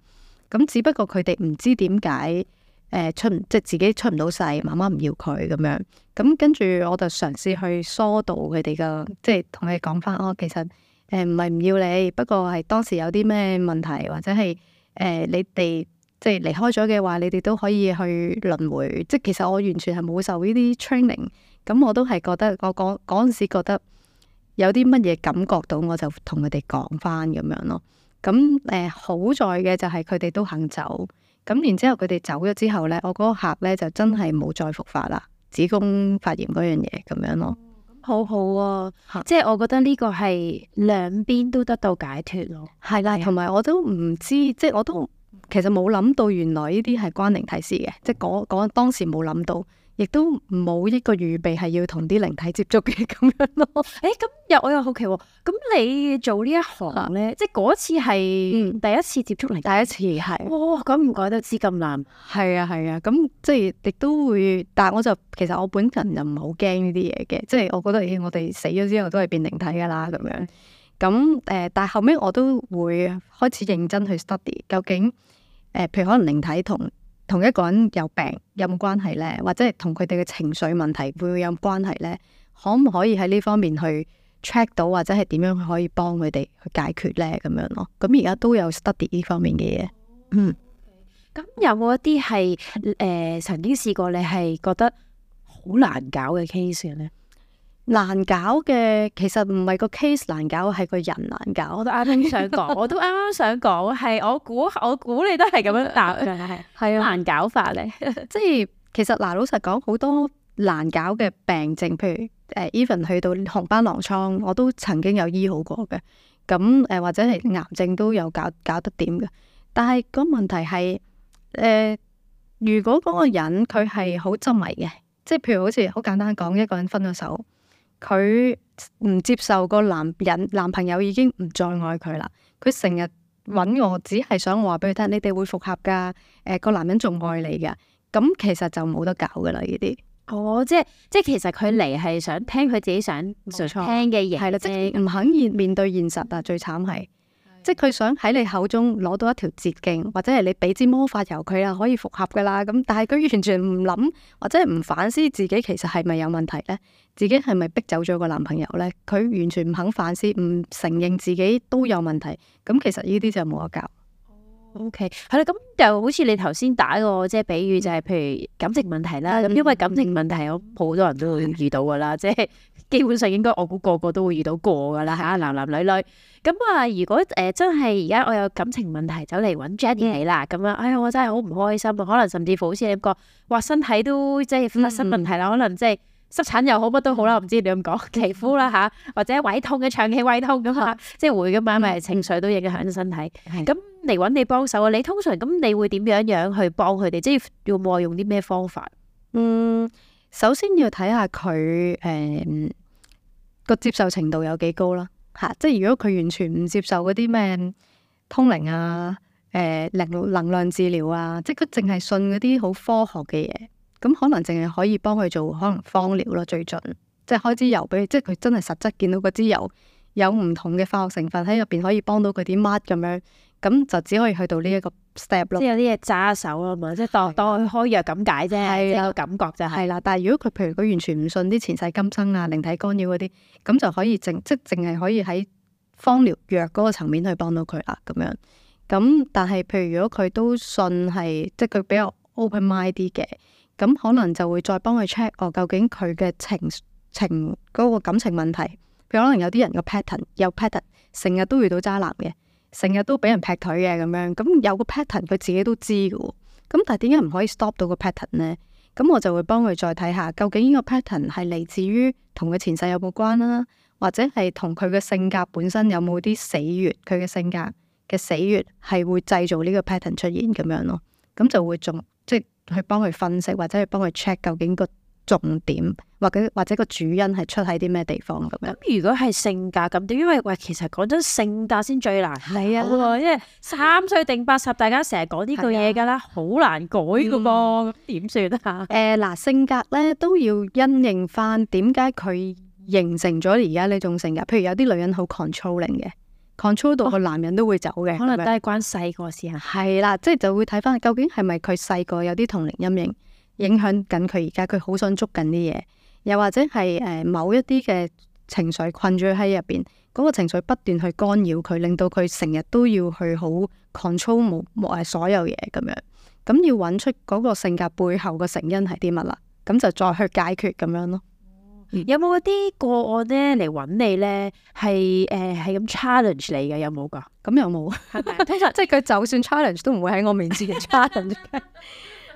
咁只不過佢哋唔知點解，誒、呃，出即係自己出唔到世，媽媽唔要佢咁樣。咁跟住我就嘗試去疏導佢哋嘅，即係同佢哋講返，哦、啊，其實，誒、呃，唔係唔要你，不過係當時有啲咩問題，或者係，誒、呃，你哋即係離開咗嘅話，你哋都可以去輪迴。即係其實我完全係冇受呢啲 training。咁我都係覺得，我嗰嗰陣時覺得有啲乜嘢感覺到，我就同佢哋講翻咁樣咯。咁誒、呃，好在嘅就係佢哋都肯走。咁然之後佢哋走咗之後咧，我嗰個客咧就真係冇再復發啦，子宮發炎嗰樣嘢咁樣咯、嗯。好好啊，是即係我覺得呢個係兩邊都得到解脫咯。係啦，同埋我都唔知，即係我都其實冇諗到原來呢啲係關靈體事嘅，即係嗰嗰當時冇諗到。亦都冇一個預備係要同啲靈體接觸嘅咁樣咯。誒、 欸，咁又我又好奇喎、哦。咁你做呢一行咧，啊、即係嗰次係、嗯、第一次接觸靈體，第一次係。哇，咁唔怪得知咁難。係啊，係啊，咁、嗯、即係亦都會。但係我就其實我本人就唔係好驚呢啲嘢嘅。即係我覺得，咦，我哋死咗之後都係變靈體㗎啦咁樣。咁、嗯、誒，但係後尾我都會開始認真去 study 究竟誒、呃，譬如可能靈體同。同一個人有病有冇關係咧？或者係同佢哋嘅情緒問題會，會有，有關係咧？可唔可以喺呢方面去 check 到，或者係點樣可以幫佢哋去解決咧？咁樣咯。咁而家都有 study 呢方面嘅嘢。嗯。咁有冇一啲係誒曾經試過你係覺得好難搞嘅 case 咧？難搞嘅，其實唔係個 case 難搞，係個人難搞。我都啱啱想講， 我都啱啱想講，係我估我估你都係咁樣答嘅。係啊，難搞法咧。即 係其實嗱，老實講，好多難搞嘅病症，譬如誒 even、呃、去到紅斑狼瘡，我都曾經有醫好過嘅。咁誒、呃、或者係癌症都有搞搞得點嘅。但係個問題係誒、呃、如果嗰個人佢係好執迷嘅，即係譬如好似好簡單講，一個人分咗手。佢唔接受個男人男朋友已經唔再愛佢啦，佢成日揾我只係想話俾佢聽，你哋會復合㗎，誒、呃、個男人仲愛你㗎，咁其實就冇得搞㗎喇，呢啲。哦，即係即係其實佢嚟係想聽佢自己想想錯聽嘅嘢，係啦的，即係唔肯面面對現實啊，嗯、最慘係。即係佢想喺你口中攞到一條捷徑，或者係你俾支魔法油佢啊，可以復合噶啦咁。但係佢完全唔諗，或者係唔反思自己，其實係咪有問題咧？自己係咪逼走咗個男朋友咧？佢完全唔肯反思，唔承認自己都有問題。咁其實呢啲就冇得教。O K，係啦，咁就好似你頭先打個即係比喻，就係、是、譬如感情問題啦。咁、嗯、因為感情問題，我好、嗯、多人都會遇到噶啦，即係。基本上應該我估個個都會遇到過噶啦吓男男女女咁啊、嗯、如果誒、呃、真係而家我有感情問題走嚟揾 Jenny 你啦咁啊哎呀我真係好唔開心啊可能甚至乎好似一個話身體都即係發生問題啦、嗯、可能即係濕疹又好乜都好啦唔知你咁講皮膚啦吓或者胃痛嘅腸氣胃痛咁啊 即係會噶嘛咪情緒都影響咗身體咁嚟揾你幫手啊你通常咁你會點樣樣去幫佢哋即係要冇用啲咩方法嗯首先要睇下佢誒。嗯嗯個接受程度有幾高啦，吓，即係如果佢完全唔接受嗰啲咩通靈啊，誒、呃，能能量治療啊，即係佢淨係信嗰啲好科學嘅嘢，咁可能淨係可以幫佢做可能芳療咯，最盡，即係開支油俾，即係佢真係實質見到嗰支油有唔同嘅化學成分喺入邊，可以幫到佢啲乜咁樣。.咁就只可以去到呢一個 step 咯，即係有啲嘢揸手吖嘛，即係當當佢開藥咁解啫，呢個感覺就係。係啦，但係如果佢譬如佢完全唔信啲前世今生啊、靈體干擾嗰啲，咁就可以淨即係淨係可以喺芳療藥嗰個層面去幫到佢啦。咁樣，咁但係譬如如果佢都信係即係佢比較 open mind 啲嘅，咁可能就會再幫佢 check 哦，究竟佢嘅情情嗰個感情問題，譬如可能有啲人嘅 pattern 有 pattern，成日都遇到渣男嘅。成日都俾人劈腿嘅咁樣，咁有個 pattern 佢自己都知㗎，咁但係點解唔可以 stop 到個 pattern 呢？咁我就會幫佢再睇下，究竟呢個 pattern 係嚟自於同佢前世有冇關啦，或者係同佢嘅性格本身有冇啲死穴，佢嘅性格嘅死穴係會製造呢個 pattern 出現咁樣咯，咁就會仲即係去幫佢分析或者去幫佢 check 究竟個。重點或者或者個主因係出喺啲咩地方咁樣？咁如果係性格咁點？因為喂，其實講真，性格先最難改喎，因為、啊啊、三歲定八十，大家成日講呢句嘢㗎啦，好、啊、難改嘅噃，點算、嗯、啊？誒嗱、呃，性格咧都要因應翻，點解佢形成咗而家呢種性格？譬如有啲女人好 controlling 嘅，controlling 到個男人都會走嘅，哦、樣可能都係關細個事啊。係啦，即係就會睇翻究竟係咪佢細個有啲童年陰影，影。影響緊佢而家，佢好想捉緊啲嘢，又或者係誒某一啲嘅情緒困住喺入邊，嗰個情緒不斷去干擾佢，令到佢成日都要去好 control 冇冇所有嘢咁樣。咁要揾出嗰個性格背後嘅成因係啲乜啦，咁就再去解決咁樣咯。樣樣樣樣樣有冇啲個案呢？嚟揾你呢？係誒係咁 challenge 你嘅有冇噶？咁有冇，即係佢就算 challenge 都唔會喺我面前 challenge。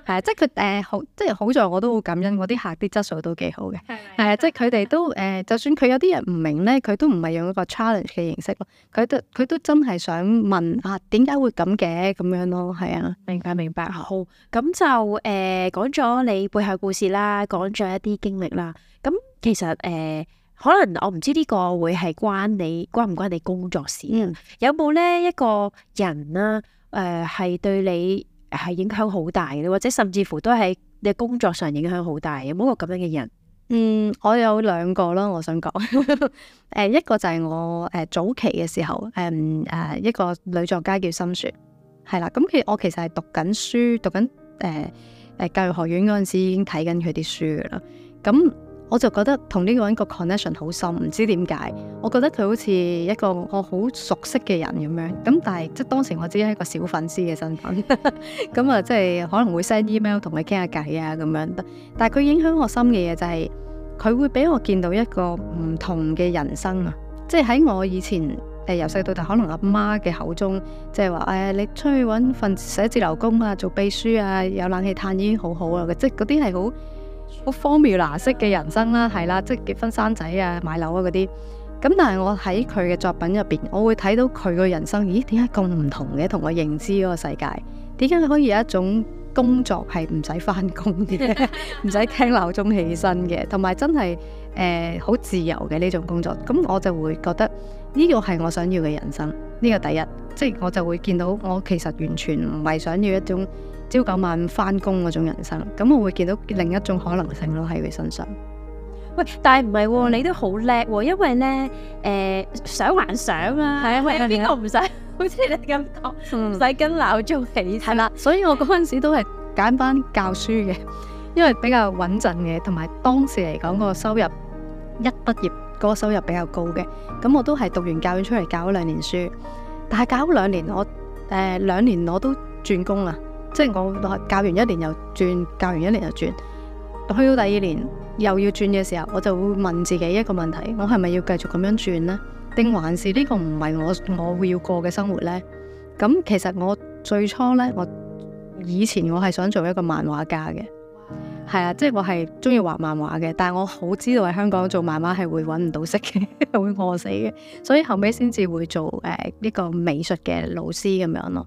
係 啊，即係佢誒好，即係好在我都好感恩，我啲客啲質素都幾好嘅。係 啊，即係佢哋都誒、呃，就算佢有啲人唔明咧，佢都唔係用一個 challenge 嘅形式咯，佢都佢都真係想問啊，點解會咁嘅咁樣咯？係啊明，明白明白。好，咁就誒、呃，講咗你背後故事啦，講咗一啲經歷啦。咁其實誒、呃，可能我唔知呢個會係關你關唔關你工作事？嗯、有冇咧一個人啊？誒、呃，係對你。係影響好大嘅，或者甚至乎都係你工作上影響好大，有冇個咁樣嘅人？嗯，我有兩個咯，我想講，誒， 一個就係我誒早期嘅時候，嗯誒，一個女作家叫深雪，係啦，咁佢我其實係讀緊書，讀緊誒誒教育學院嗰陣時已經睇緊佢啲書噶啦，咁。我就覺得同呢個人個 connection 好深，唔知點解，我覺得佢好似一個我好熟悉嘅人咁樣，咁但係即係當時我只係一個小粉絲嘅身份，咁啊即係可能會 send email 同佢傾下偈啊咁樣，但係佢影響我心嘅嘢就係佢會俾我見到一個唔同嘅人生啊！即係喺我以前誒由細到大，可能阿媽嘅口中即係話誒你出去揾份寫字樓工啊，做秘書啊，有冷氣嘆已經好好啊！即係嗰啲係好。好 formula 式嘅人生啦，係啦，即係結婚生仔啊、買樓啊嗰啲。咁但係我喺佢嘅作品入邊，我會睇到佢嘅人生，咦？點解咁唔同嘅？同我認知嗰個世界，點解可以有一種工作係唔使翻工嘅，唔使 聽鬧鐘起身嘅，同埋真係誒好自由嘅呢種工作。咁我就會覺得呢個係我想要嘅人生。呢、這個第一，即、就、係、是、我就會見到我其實完全唔係想要一種。朝九晚五翻工嗰種人生，咁我會見到另一種可能性咯喺佢身上。喂，但係唔係，你都好叻，因為呢，誒、呃、想還想啊，因為邊個唔使好似你咁講，唔使、嗯、跟鬧鐘起。係啦，所以我嗰陣時都係揀翻教書嘅，因為比較穩陣嘅，同埋當時嚟講、個收入一畢，一畢業嗰個收入比較高嘅。咁我都係讀完教院出嚟教咗兩年書，但係教咗兩年我，誒、呃、兩年我都轉工啦。即係我教完一年又轉，教完一年又轉，去到第二年又要轉嘅時候，我就會問自己一個問題：我係咪要繼續咁樣轉呢？定還是呢個唔係我我會要過嘅生活呢？咁其實我最初呢，我以前我係想做一個漫畫家嘅，係啊，即係我係中意畫漫畫嘅，但係我好知道喺香港做漫畫係會搵唔到食嘅，會餓死嘅，所以後尾先至會做誒呢個美術嘅老師咁樣咯。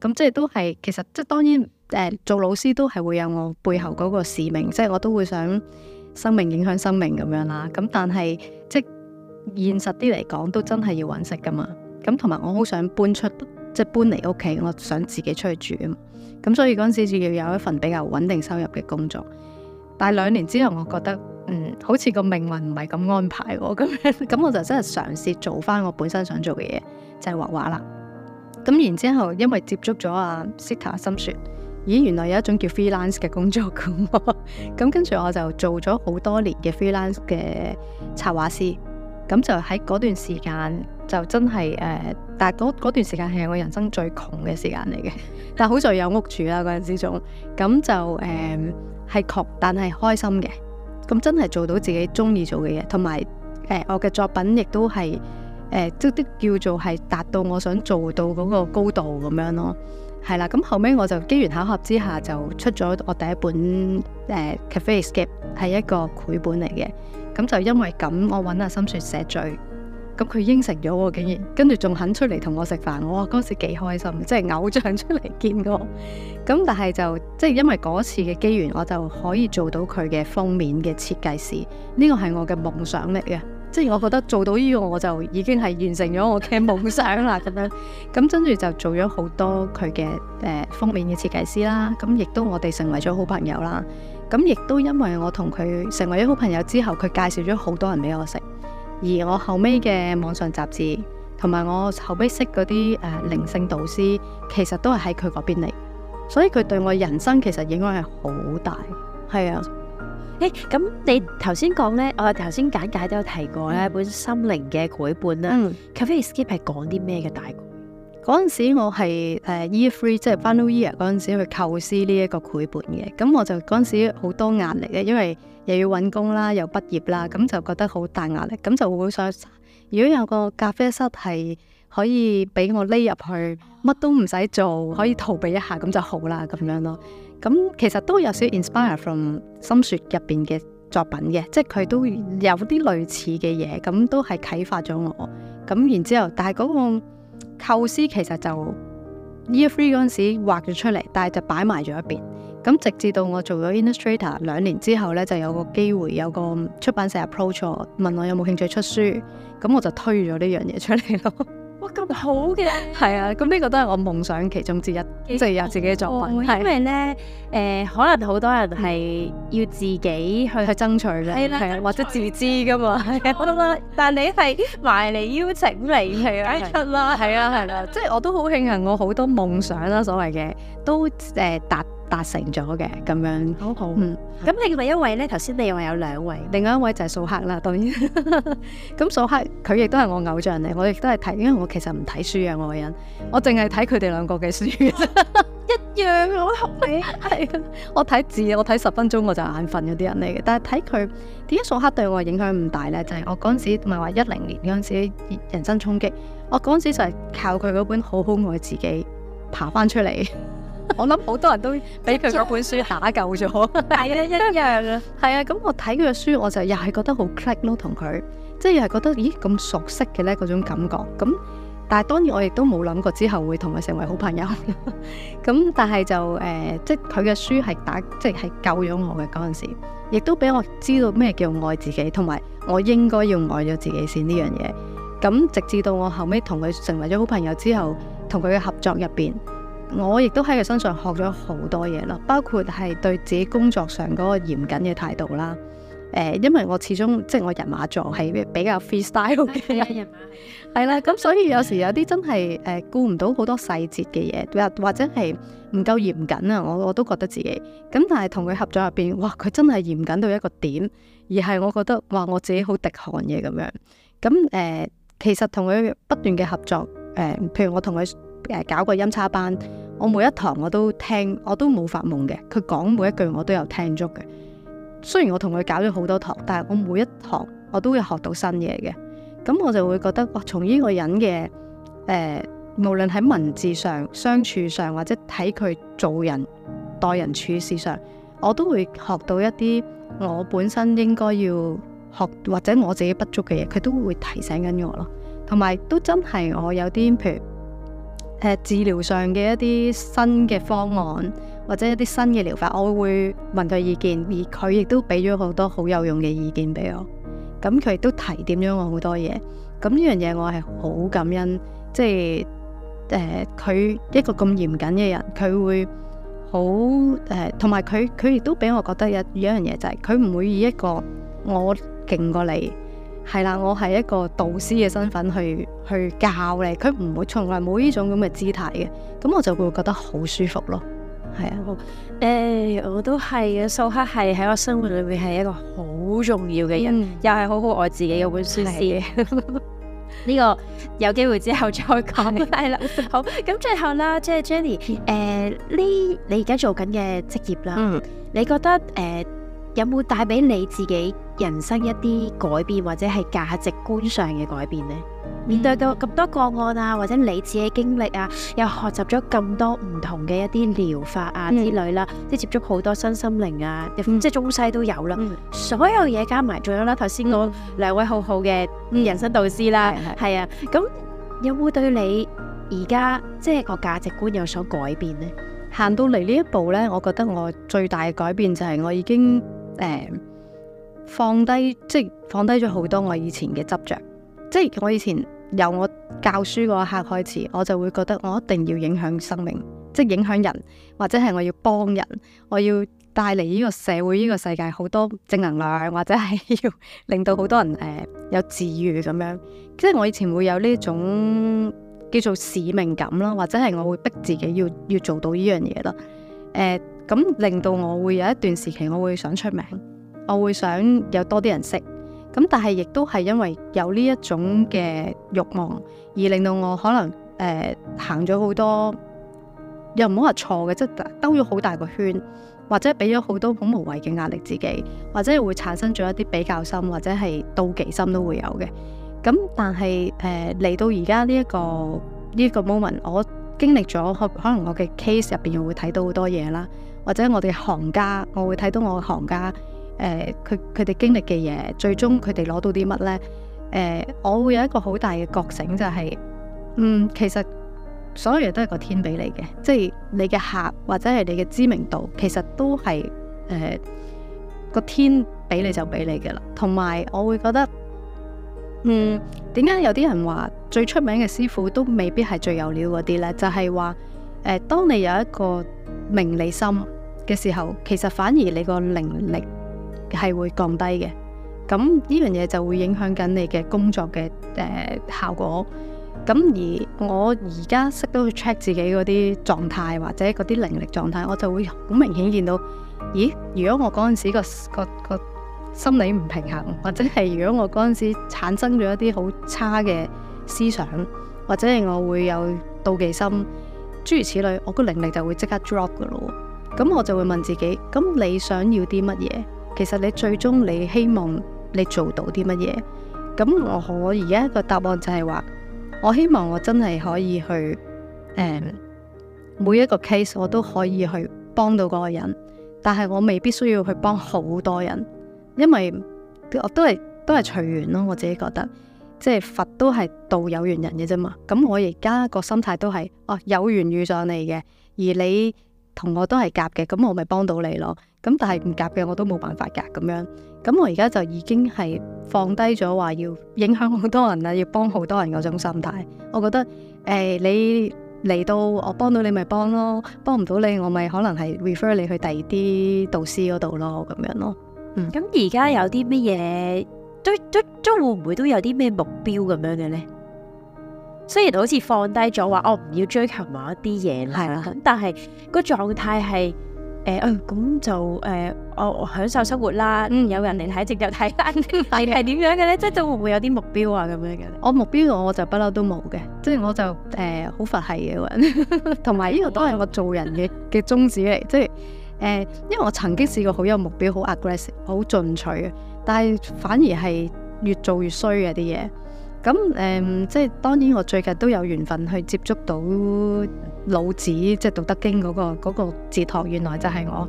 咁即係都係，其實即係當然，誒、呃、做老師都係會有我背後嗰個使命，即係我都會想生命影響生命咁樣啦。咁但係即係現實啲嚟講，都真係要搵食噶嘛。咁同埋我好想搬出，即係搬嚟屋企，我想自己出去住。咁所以嗰陣時就要有一份比較穩定收入嘅工作。但係兩年之後，我覺得嗯，好似個命運唔係咁安排喎，咁 咁我就真係嘗試做翻我本身想做嘅嘢，就係畫畫啦。咁然之後，因為接觸咗阿 Sita 心說，咦，原來有一種叫 freelance 嘅工作嘅喎。咁跟住我就做咗好多年嘅 freelance 嘅插畫師。咁就喺嗰段時間，就真係誒、呃，但係嗰段時間係我人生最窮嘅時間嚟嘅。但係好在有屋住啦，嗰陣時仲，咁就誒係、呃、窮，但係開心嘅。咁真係做到自己中意做嘅嘢，同埋誒我嘅作品亦都係。誒，都都、呃、叫做係達到我想做到嗰個高度咁樣咯，係啦。咁後尾我就機緣巧合之下就出咗我第一本誒、呃《Cafe Escape》，係一個繪本嚟嘅。咁就因為咁，我揾阿深雪寫序，咁佢應承咗我，竟然跟住仲肯出嚟同我食飯。我嗰時幾開心，即係偶像出嚟見我。咁但係就即係因為嗰次嘅機緣，我就可以做到佢嘅封面嘅設計師。呢個係我嘅夢想嚟嘅。即係我覺得做到呢個我就已經係完成咗我嘅夢想啦咁 樣，咁跟住就做咗好多佢嘅誒封面嘅設計師啦，咁亦都我哋成為咗好朋友啦，咁亦都因為我同佢成為咗好朋友之後，佢介紹咗好多人俾我識。而我後尾嘅網上雜誌同埋我後尾識嗰啲誒靈性導師，其實都係喺佢嗰邊嚟，所以佢對我人生其實影響係好大，係啊。誒咁，hey, 你頭先講咧，我頭先簡介都有提過咧、嗯、本心靈嘅繪本啦。Cafe Escape 係講啲咩嘅？大概嗰陣時我係誒 Year Three 即係 final year 嗰時去構思呢一個繪本嘅，咁我就嗰陣時好多壓力嘅，因為又要揾工啦，又畢業啦，咁就覺得好大壓力，咁就會好想如果有個咖啡室係，可以俾我匿入去，乜都唔使做，可以逃避一下咁就好啦，咁樣咯。咁其實都有少少 inspire from 心雪入邊嘅作品嘅，即係佢都有啲類似嘅嘢，咁都係啟發咗我。咁然之後，但係嗰個構思其實就 year three 嗰陣時畫咗出嚟，但係就擺埋咗一邊。咁直至到我做咗 illustrator 兩年之後呢，就有個機會有個出版社 approach 我，問我有冇興趣出書，咁我就推咗呢樣嘢出嚟咯。哇，咁好嘅，係啊，咁呢個都係我夢想其中之一，即係有自己嘅作品，因為咧，誒，可能好多人係要自己去去爭取嘅，係啊，或者自知噶嘛，係啦，但你係埋嚟邀請你出啦，係啊，係啊，即係我都好慶幸，我好多夢想啦，所謂嘅都誒達。達成咗嘅，咁樣，好好。嗯，咁另外一位呢？頭先你話有兩位，另外一位就係素黑啦。當然，咁素黑佢亦都係我偶像嚟，我亦都係睇，因為我其實唔睇書嘅我個人，我淨係睇佢哋兩個嘅書， 一樣我係係啊，我睇字我睇十分鐘我就眼瞓嗰啲人嚟嘅。但係睇佢點解素黑對我影響唔大呢？就係、是、我嗰陣時咪話一零年嗰陣時人生衝擊，我嗰陣時就係靠佢嗰本好好愛自己爬翻出嚟。我諗好多人都俾佢嗰本書打救咗，係啊，一樣 啊，係啊。咁我睇佢嘅書，我就又係覺得好 click 咯，同佢，即係又係覺得咦咁熟悉嘅呢嗰種感覺。咁但係當然我亦都冇諗過之後會同佢成為好朋友。咁 但係就誒、呃，即係佢嘅書係打，即係救咗我嘅嗰陣時，亦都俾我知道咩叫愛自己，同埋我應該要愛咗自己先呢樣嘢。咁直至到我後尾同佢成為咗好朋友之後，同佢嘅合作入邊我亦都喺佢身上學咗好多嘢啦，包括係對自己工作上嗰個嚴謹嘅態度啦。誒、呃，因為我始終即係我人馬座係比較 freestyle 嘅人，人馬，係啦，咁所以有時有啲真係誒、呃、顧唔到好多細節嘅嘢，或者係唔夠嚴謹啊。我我都覺得自己咁，但係同佢合作入邊，哇，佢真係嚴謹到一個點，而係我覺得話我自己好滴汗嘢咁樣。咁、呃、誒，其實同佢不斷嘅合作，誒、呃，譬如我同佢誒搞個音叉班。我每一堂我都聽，我都冇發夢嘅。佢講每一句我都有聽足嘅。雖然我同佢搞咗好多堂，但係我每一堂我都會學到新嘢嘅。咁我就會覺得，哇！從呢個人嘅誒、呃，無論喺文字上、相處上，或者睇佢做人、待人處事上，我都會學到一啲我本身應該要學或者我自己不足嘅嘢，佢都會提醒緊我咯。同埋都真係我有啲譬如。誒、呃、治療上嘅一啲新嘅方案，或者一啲新嘅療法，我會問佢意見，而佢亦都俾咗好多好有用嘅意見俾我。咁佢亦都提點咗我好多嘢。咁呢樣嘢我係好感恩，即係誒佢一個咁嚴謹嘅人，佢會好誒，同埋佢佢亦都俾我覺得有一樣嘢就係佢唔會以一個我勁過你。係啦，我係一個導師嘅身份去去教你，佢唔會，從來冇呢種咁嘅姿態嘅，咁、嗯、我就會覺得好舒服咯。係啊，誒、哦欸，我都係嘅，蘇克係喺我生活裏面係一個好重要嘅人，嗯、又係好好愛自己嘅本書師嘅。呢、嗯 這個有機會之後再講。係啦，好，咁最後啦，即係 Jenny，誒，呢你而家做緊嘅職業啦，嗯、你覺得誒？呃有冇帶俾你自己人生一啲改變或者係價值觀上嘅改變呢？面對到咁多個案啊，或者你自己經歷啊，又學習咗咁多唔同嘅一啲療法啊之類啦，即係接觸好多身心靈啊，即係中西都有啦。所有嘢加埋，仲有啦，頭先我兩位好好嘅人生導師啦，係啊。咁有冇對你而家即係個價值觀有所改變呢？行到嚟呢一步呢，我覺得我最大嘅改變就係我已經。誒、嗯，放低即係放低咗好多我以前嘅執着，即係我以前由我教書嗰一刻開始，我就會覺得我一定要影響生命，即係影響人，或者係我要幫人，我要帶嚟呢個社會呢、呢個世界好多正能量，或者係要令到好多人誒、呃、有治癒咁樣，即係我以前會有呢一種叫做使命感啦，或者係我會逼自己要要做到呢樣嘢啦，誒、呃。咁令到我會有一段時期我會想出名，我會想有多啲人識，咁但係亦都係因為有呢一種嘅慾望，而令到我可能誒、呃、行咗好多，又唔好話錯嘅，即係兜咗好大個圈，或者俾咗好多好無謂嘅壓力自己，或者係會產生咗一啲比較心或者係妒忌心都會有嘅。咁但係誒嚟到而家呢一個呢一個 moment，我經歷咗可可能我嘅 case 入邊又會睇到好多嘢啦。或者我哋行家，我會睇到我行家，誒佢佢哋經歷嘅嘢，最終佢哋攞到啲乜呢？誒，我會有一個好大嘅覺醒，就係，嗯，其實所有嘢都係個天俾你嘅，即係你嘅客或者係你嘅知名度，其實都係誒個天俾你就俾你嘅啦。同埋我會覺得，嗯，點解有啲人話最出名嘅師傅都未必係最有料嗰啲呢？就係話，誒，當你有一個名利心嘅時候，其實反而你個靈力係會降低嘅，咁呢樣嘢就會影響緊你嘅工作嘅誒、呃、效果。咁而我而家識到去 check 自己嗰啲狀態或者嗰啲靈力狀態，我就會好明顯見到，咦？如果我嗰陣時個個個心理唔平衡，或者係如果我嗰陣時產生咗一啲好差嘅思想，或者係我會有妒忌心。諸如此類，我個能力就會即刻 drop 噶咯。咁我就會問自己：咁你想要啲乜嘢？其實你最終你希望你做到啲乜嘢？咁我而家個答案就係話：我希望我真係可以去，誒，um，每一個 case 我都可以去幫到嗰個人，但係我未必需要去幫好多人，因為我都係都係隨緣咯。我自己覺得。即係佛都係度有緣人嘅啫嘛，咁我而家個心態都係，哦、啊、有緣遇上你嘅，而你同我都係夾嘅，咁我咪幫到你咯，咁但係唔夾嘅我都冇辦法噶咁樣，咁我而家就已經係放低咗話要影響好多人啦，要幫好多人嗰種心態，我覺得誒、欸、你嚟到我幫到你咪幫咯，幫唔到你我咪可能係 refer 你去第二啲導師嗰度咯，咁樣咯，嗯，咁而家有啲乜嘢？都都都會唔會都有啲咩目標咁樣嘅咧？雖然好似放低咗話，我唔要追求某一啲嘢係啦。咁但係個狀態係誒，誒咁就誒，我享受生活啦。嗯，有人嚟睇，直接睇啦，係係點樣嘅咧？即係就會唔會有啲目標啊，咁樣嘅。我目標我就不嬲都冇嘅，即係我就誒好佛系嘅人，同埋呢個都係我做人嘅嘅宗旨嚟，即係誒，因為我曾經試過好有目標，好 aggressive，好進取嘅。但係反而係越做越衰嘅啲嘢，咁、嗯、誒，即係當然我最近都有緣分去接觸到老子，即係《道德經、那個》嗰、那個嗰個哲學，原來就係我，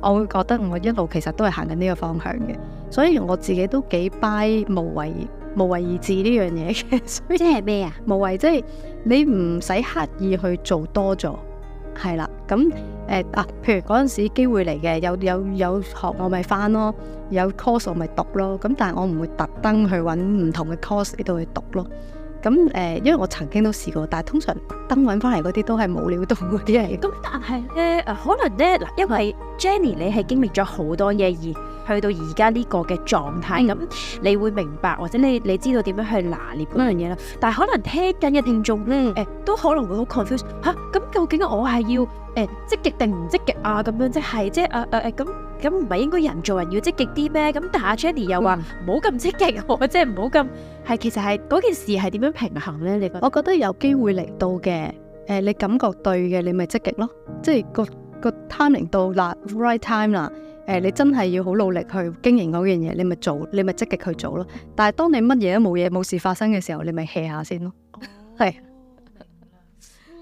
我會覺得我一路其實都係行緊呢個方向嘅，所以我自己都幾拜無為無為而治呢樣嘢嘅。所以即係咩啊？無為即係、就是、你唔使刻意去做多咗。係啦，咁誒、嗯、啊，譬如嗰陣時，機會嚟嘅，有有有學我咪翻咯，有 course 我咪讀咯，咁但係我唔會特登去搵唔同嘅 course 喺度去讀咯。咁誒、嗯，因為我曾經都試過，但係通常登揾翻嚟嗰啲都係冇料到嗰啲嘢。咁但係咧，誒、呃、可能咧嗱，因為 Jenny 你係經歷咗好多嘢而去到而家呢個嘅狀態，咁、嗯、你會明白或者你你知道點樣去拿捏嗰樣嘢啦。嗯、但係可能聽緊嘅聽眾，嗯誒、呃，都可能會好 confused 吓咁、啊、究竟我係要誒、呃、積極定唔積極啊？咁樣即係即係誒誒誒咁。啊啊啊啊咁唔係應該人做人要積極啲咩？咁但阿 Jenny 又話唔好咁積極，嗯、積極我即係唔好咁係。其實係嗰件事係點樣平衡咧？你我我覺得有機會嚟到嘅，誒、呃，你感覺對嘅，你咪積極咯。即係個個 timing 到啦，right time 啦。誒、呃，你真係要好努力去經營嗰樣嘢，你咪做，你咪積極去做咯。但係當你乜嘢都冇嘢冇事發生嘅時候，你咪 hea 下先咯。係。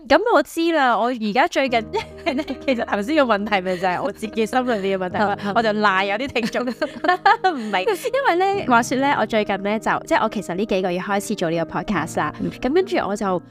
咁我知啦，我而家最近，因為咧，其實頭先個問題咪就係我自己心裏邊嘅問題啦， 我就賴有啲聽眾唔明， 是因為咧，話説咧，我最近咧就即係我其實呢幾個月開始做呢個 podcast 啦，咁跟住我就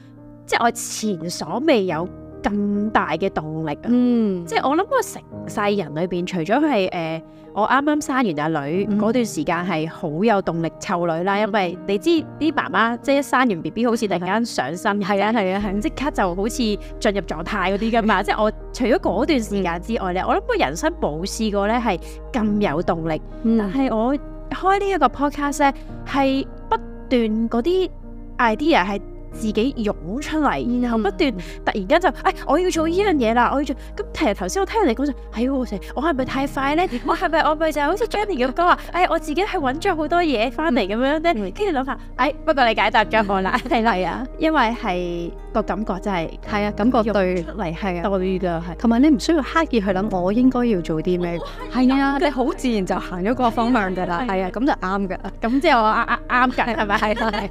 即係我前所未有，更大嘅動力啊！嗯，即係我諗我成世人裏邊，除咗係誒，我啱啱生完阿女嗰、嗯、段時間係好有動力湊女啦，因為你知啲媽媽即係一生完 BB 好似突然間上身，係、嗯、啊係啊係，啊啊啊啊啊即刻就好似進入狀態嗰啲噶嘛。即係我除咗嗰段時間之外咧，我諗我人生冇試過咧係咁有動力。嗯、但係我開呢一個 podcast 咧，係不斷嗰啲 idea 係。自己湧出嚟，然後不斷突然間就，哎，我要做呢樣嘢啦，我要做。咁其實頭先我聽人哋講就係喎，我係咪太快咧？我係咪我咪就好似 Jenny 咁講話，哎，我自己係揾咗好多嘢翻嚟咁樣咧。跟住諗下，哎，不過你解答咗我啦，係咪啊？因為係個感覺真係，係啊，感覺對嚟係多啲噶，係。同埋你唔需要刻意去諗，我應該要做啲咩？係啊，你好自然就行咗個方向㗎啦。係啊，咁就啱㗎。咁即係我啱啱啱㗎，係咪？係啊，係。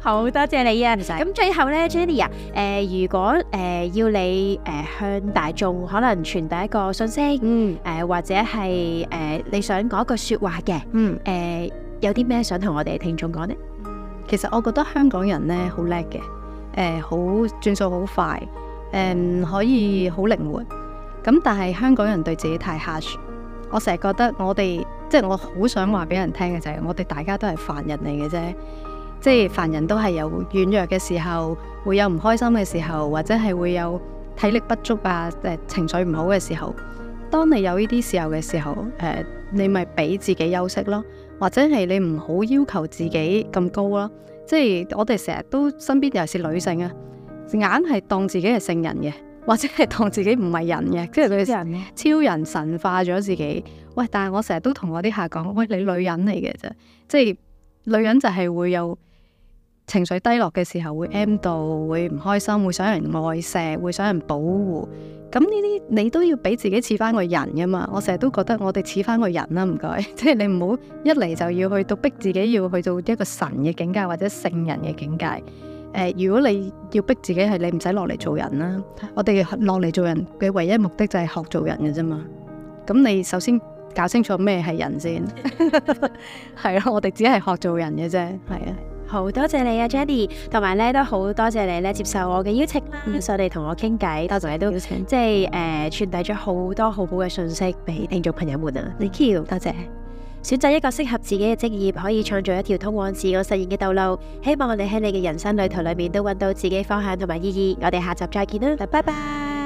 好多謝你啊！咁最後咧 Jenny 啊，誒、呃，如果誒、呃、要你誒、呃、向大眾可能傳遞一個信息，嗯，誒、呃、或者係誒、呃、你想講一句説話嘅，嗯，誒、呃、有啲咩想同我哋聽眾講呢？其實我覺得香港人咧好叻嘅，誒好、呃、轉數好快，誒、呃、可以好靈活，咁但係香港人對自己太蝦，我成日覺得我哋即係我好想話俾人聽嘅就係我哋大家都係凡人嚟嘅啫。即係凡人都係有軟弱嘅時候，會有唔開心嘅時候，或者係會有體力不足啊、誒情緒唔好嘅時候。當你有呢啲時候嘅時候，誒、呃、你咪俾自己休息咯，或者係你唔好要,要求自己咁高咯。即係我哋成日都身邊尤其係女性啊，硬係當自己係聖人嘅，或者係當自己唔係人嘅，即係啲人超人神化咗自己。喂，但係我成日都同我啲客講，喂，你女人嚟嘅啫，即係女人就係會有。情緒低落嘅時候會 M 到，會唔開心，會想人愛錫，會想人保護。咁呢啲你都要俾自己似翻個人噶嘛。我成日都覺得我哋似翻個人啦，啊，唔該。即係你唔好一嚟就要去到逼自己要去到一個神嘅境界或者聖人嘅境界。誒、呃，如果你要逼自己係你唔使落嚟做人啦，啊，我哋落嚟做人嘅唯一目的就係學做人嘅啫嘛。咁你首先搞清楚咩係人先，係 咯，啊，我哋只係學做人嘅啫，係啊。好多謝你啊，Jenny，同埋咧都好、嗯、多謝你咧接受我嘅邀請啦，上嚟同我傾偈，呃、多謝你都即係誒傳遞咗好多好好嘅信息俾聽眾朋友們啊，thank you，多謝。選擇一個適合自己嘅職業，可以創造一條通往自我實現嘅道路。希望你喺你嘅人生旅途裏面都揾到自己方向同埋意義。我哋下集再見啦，拜拜。拜拜。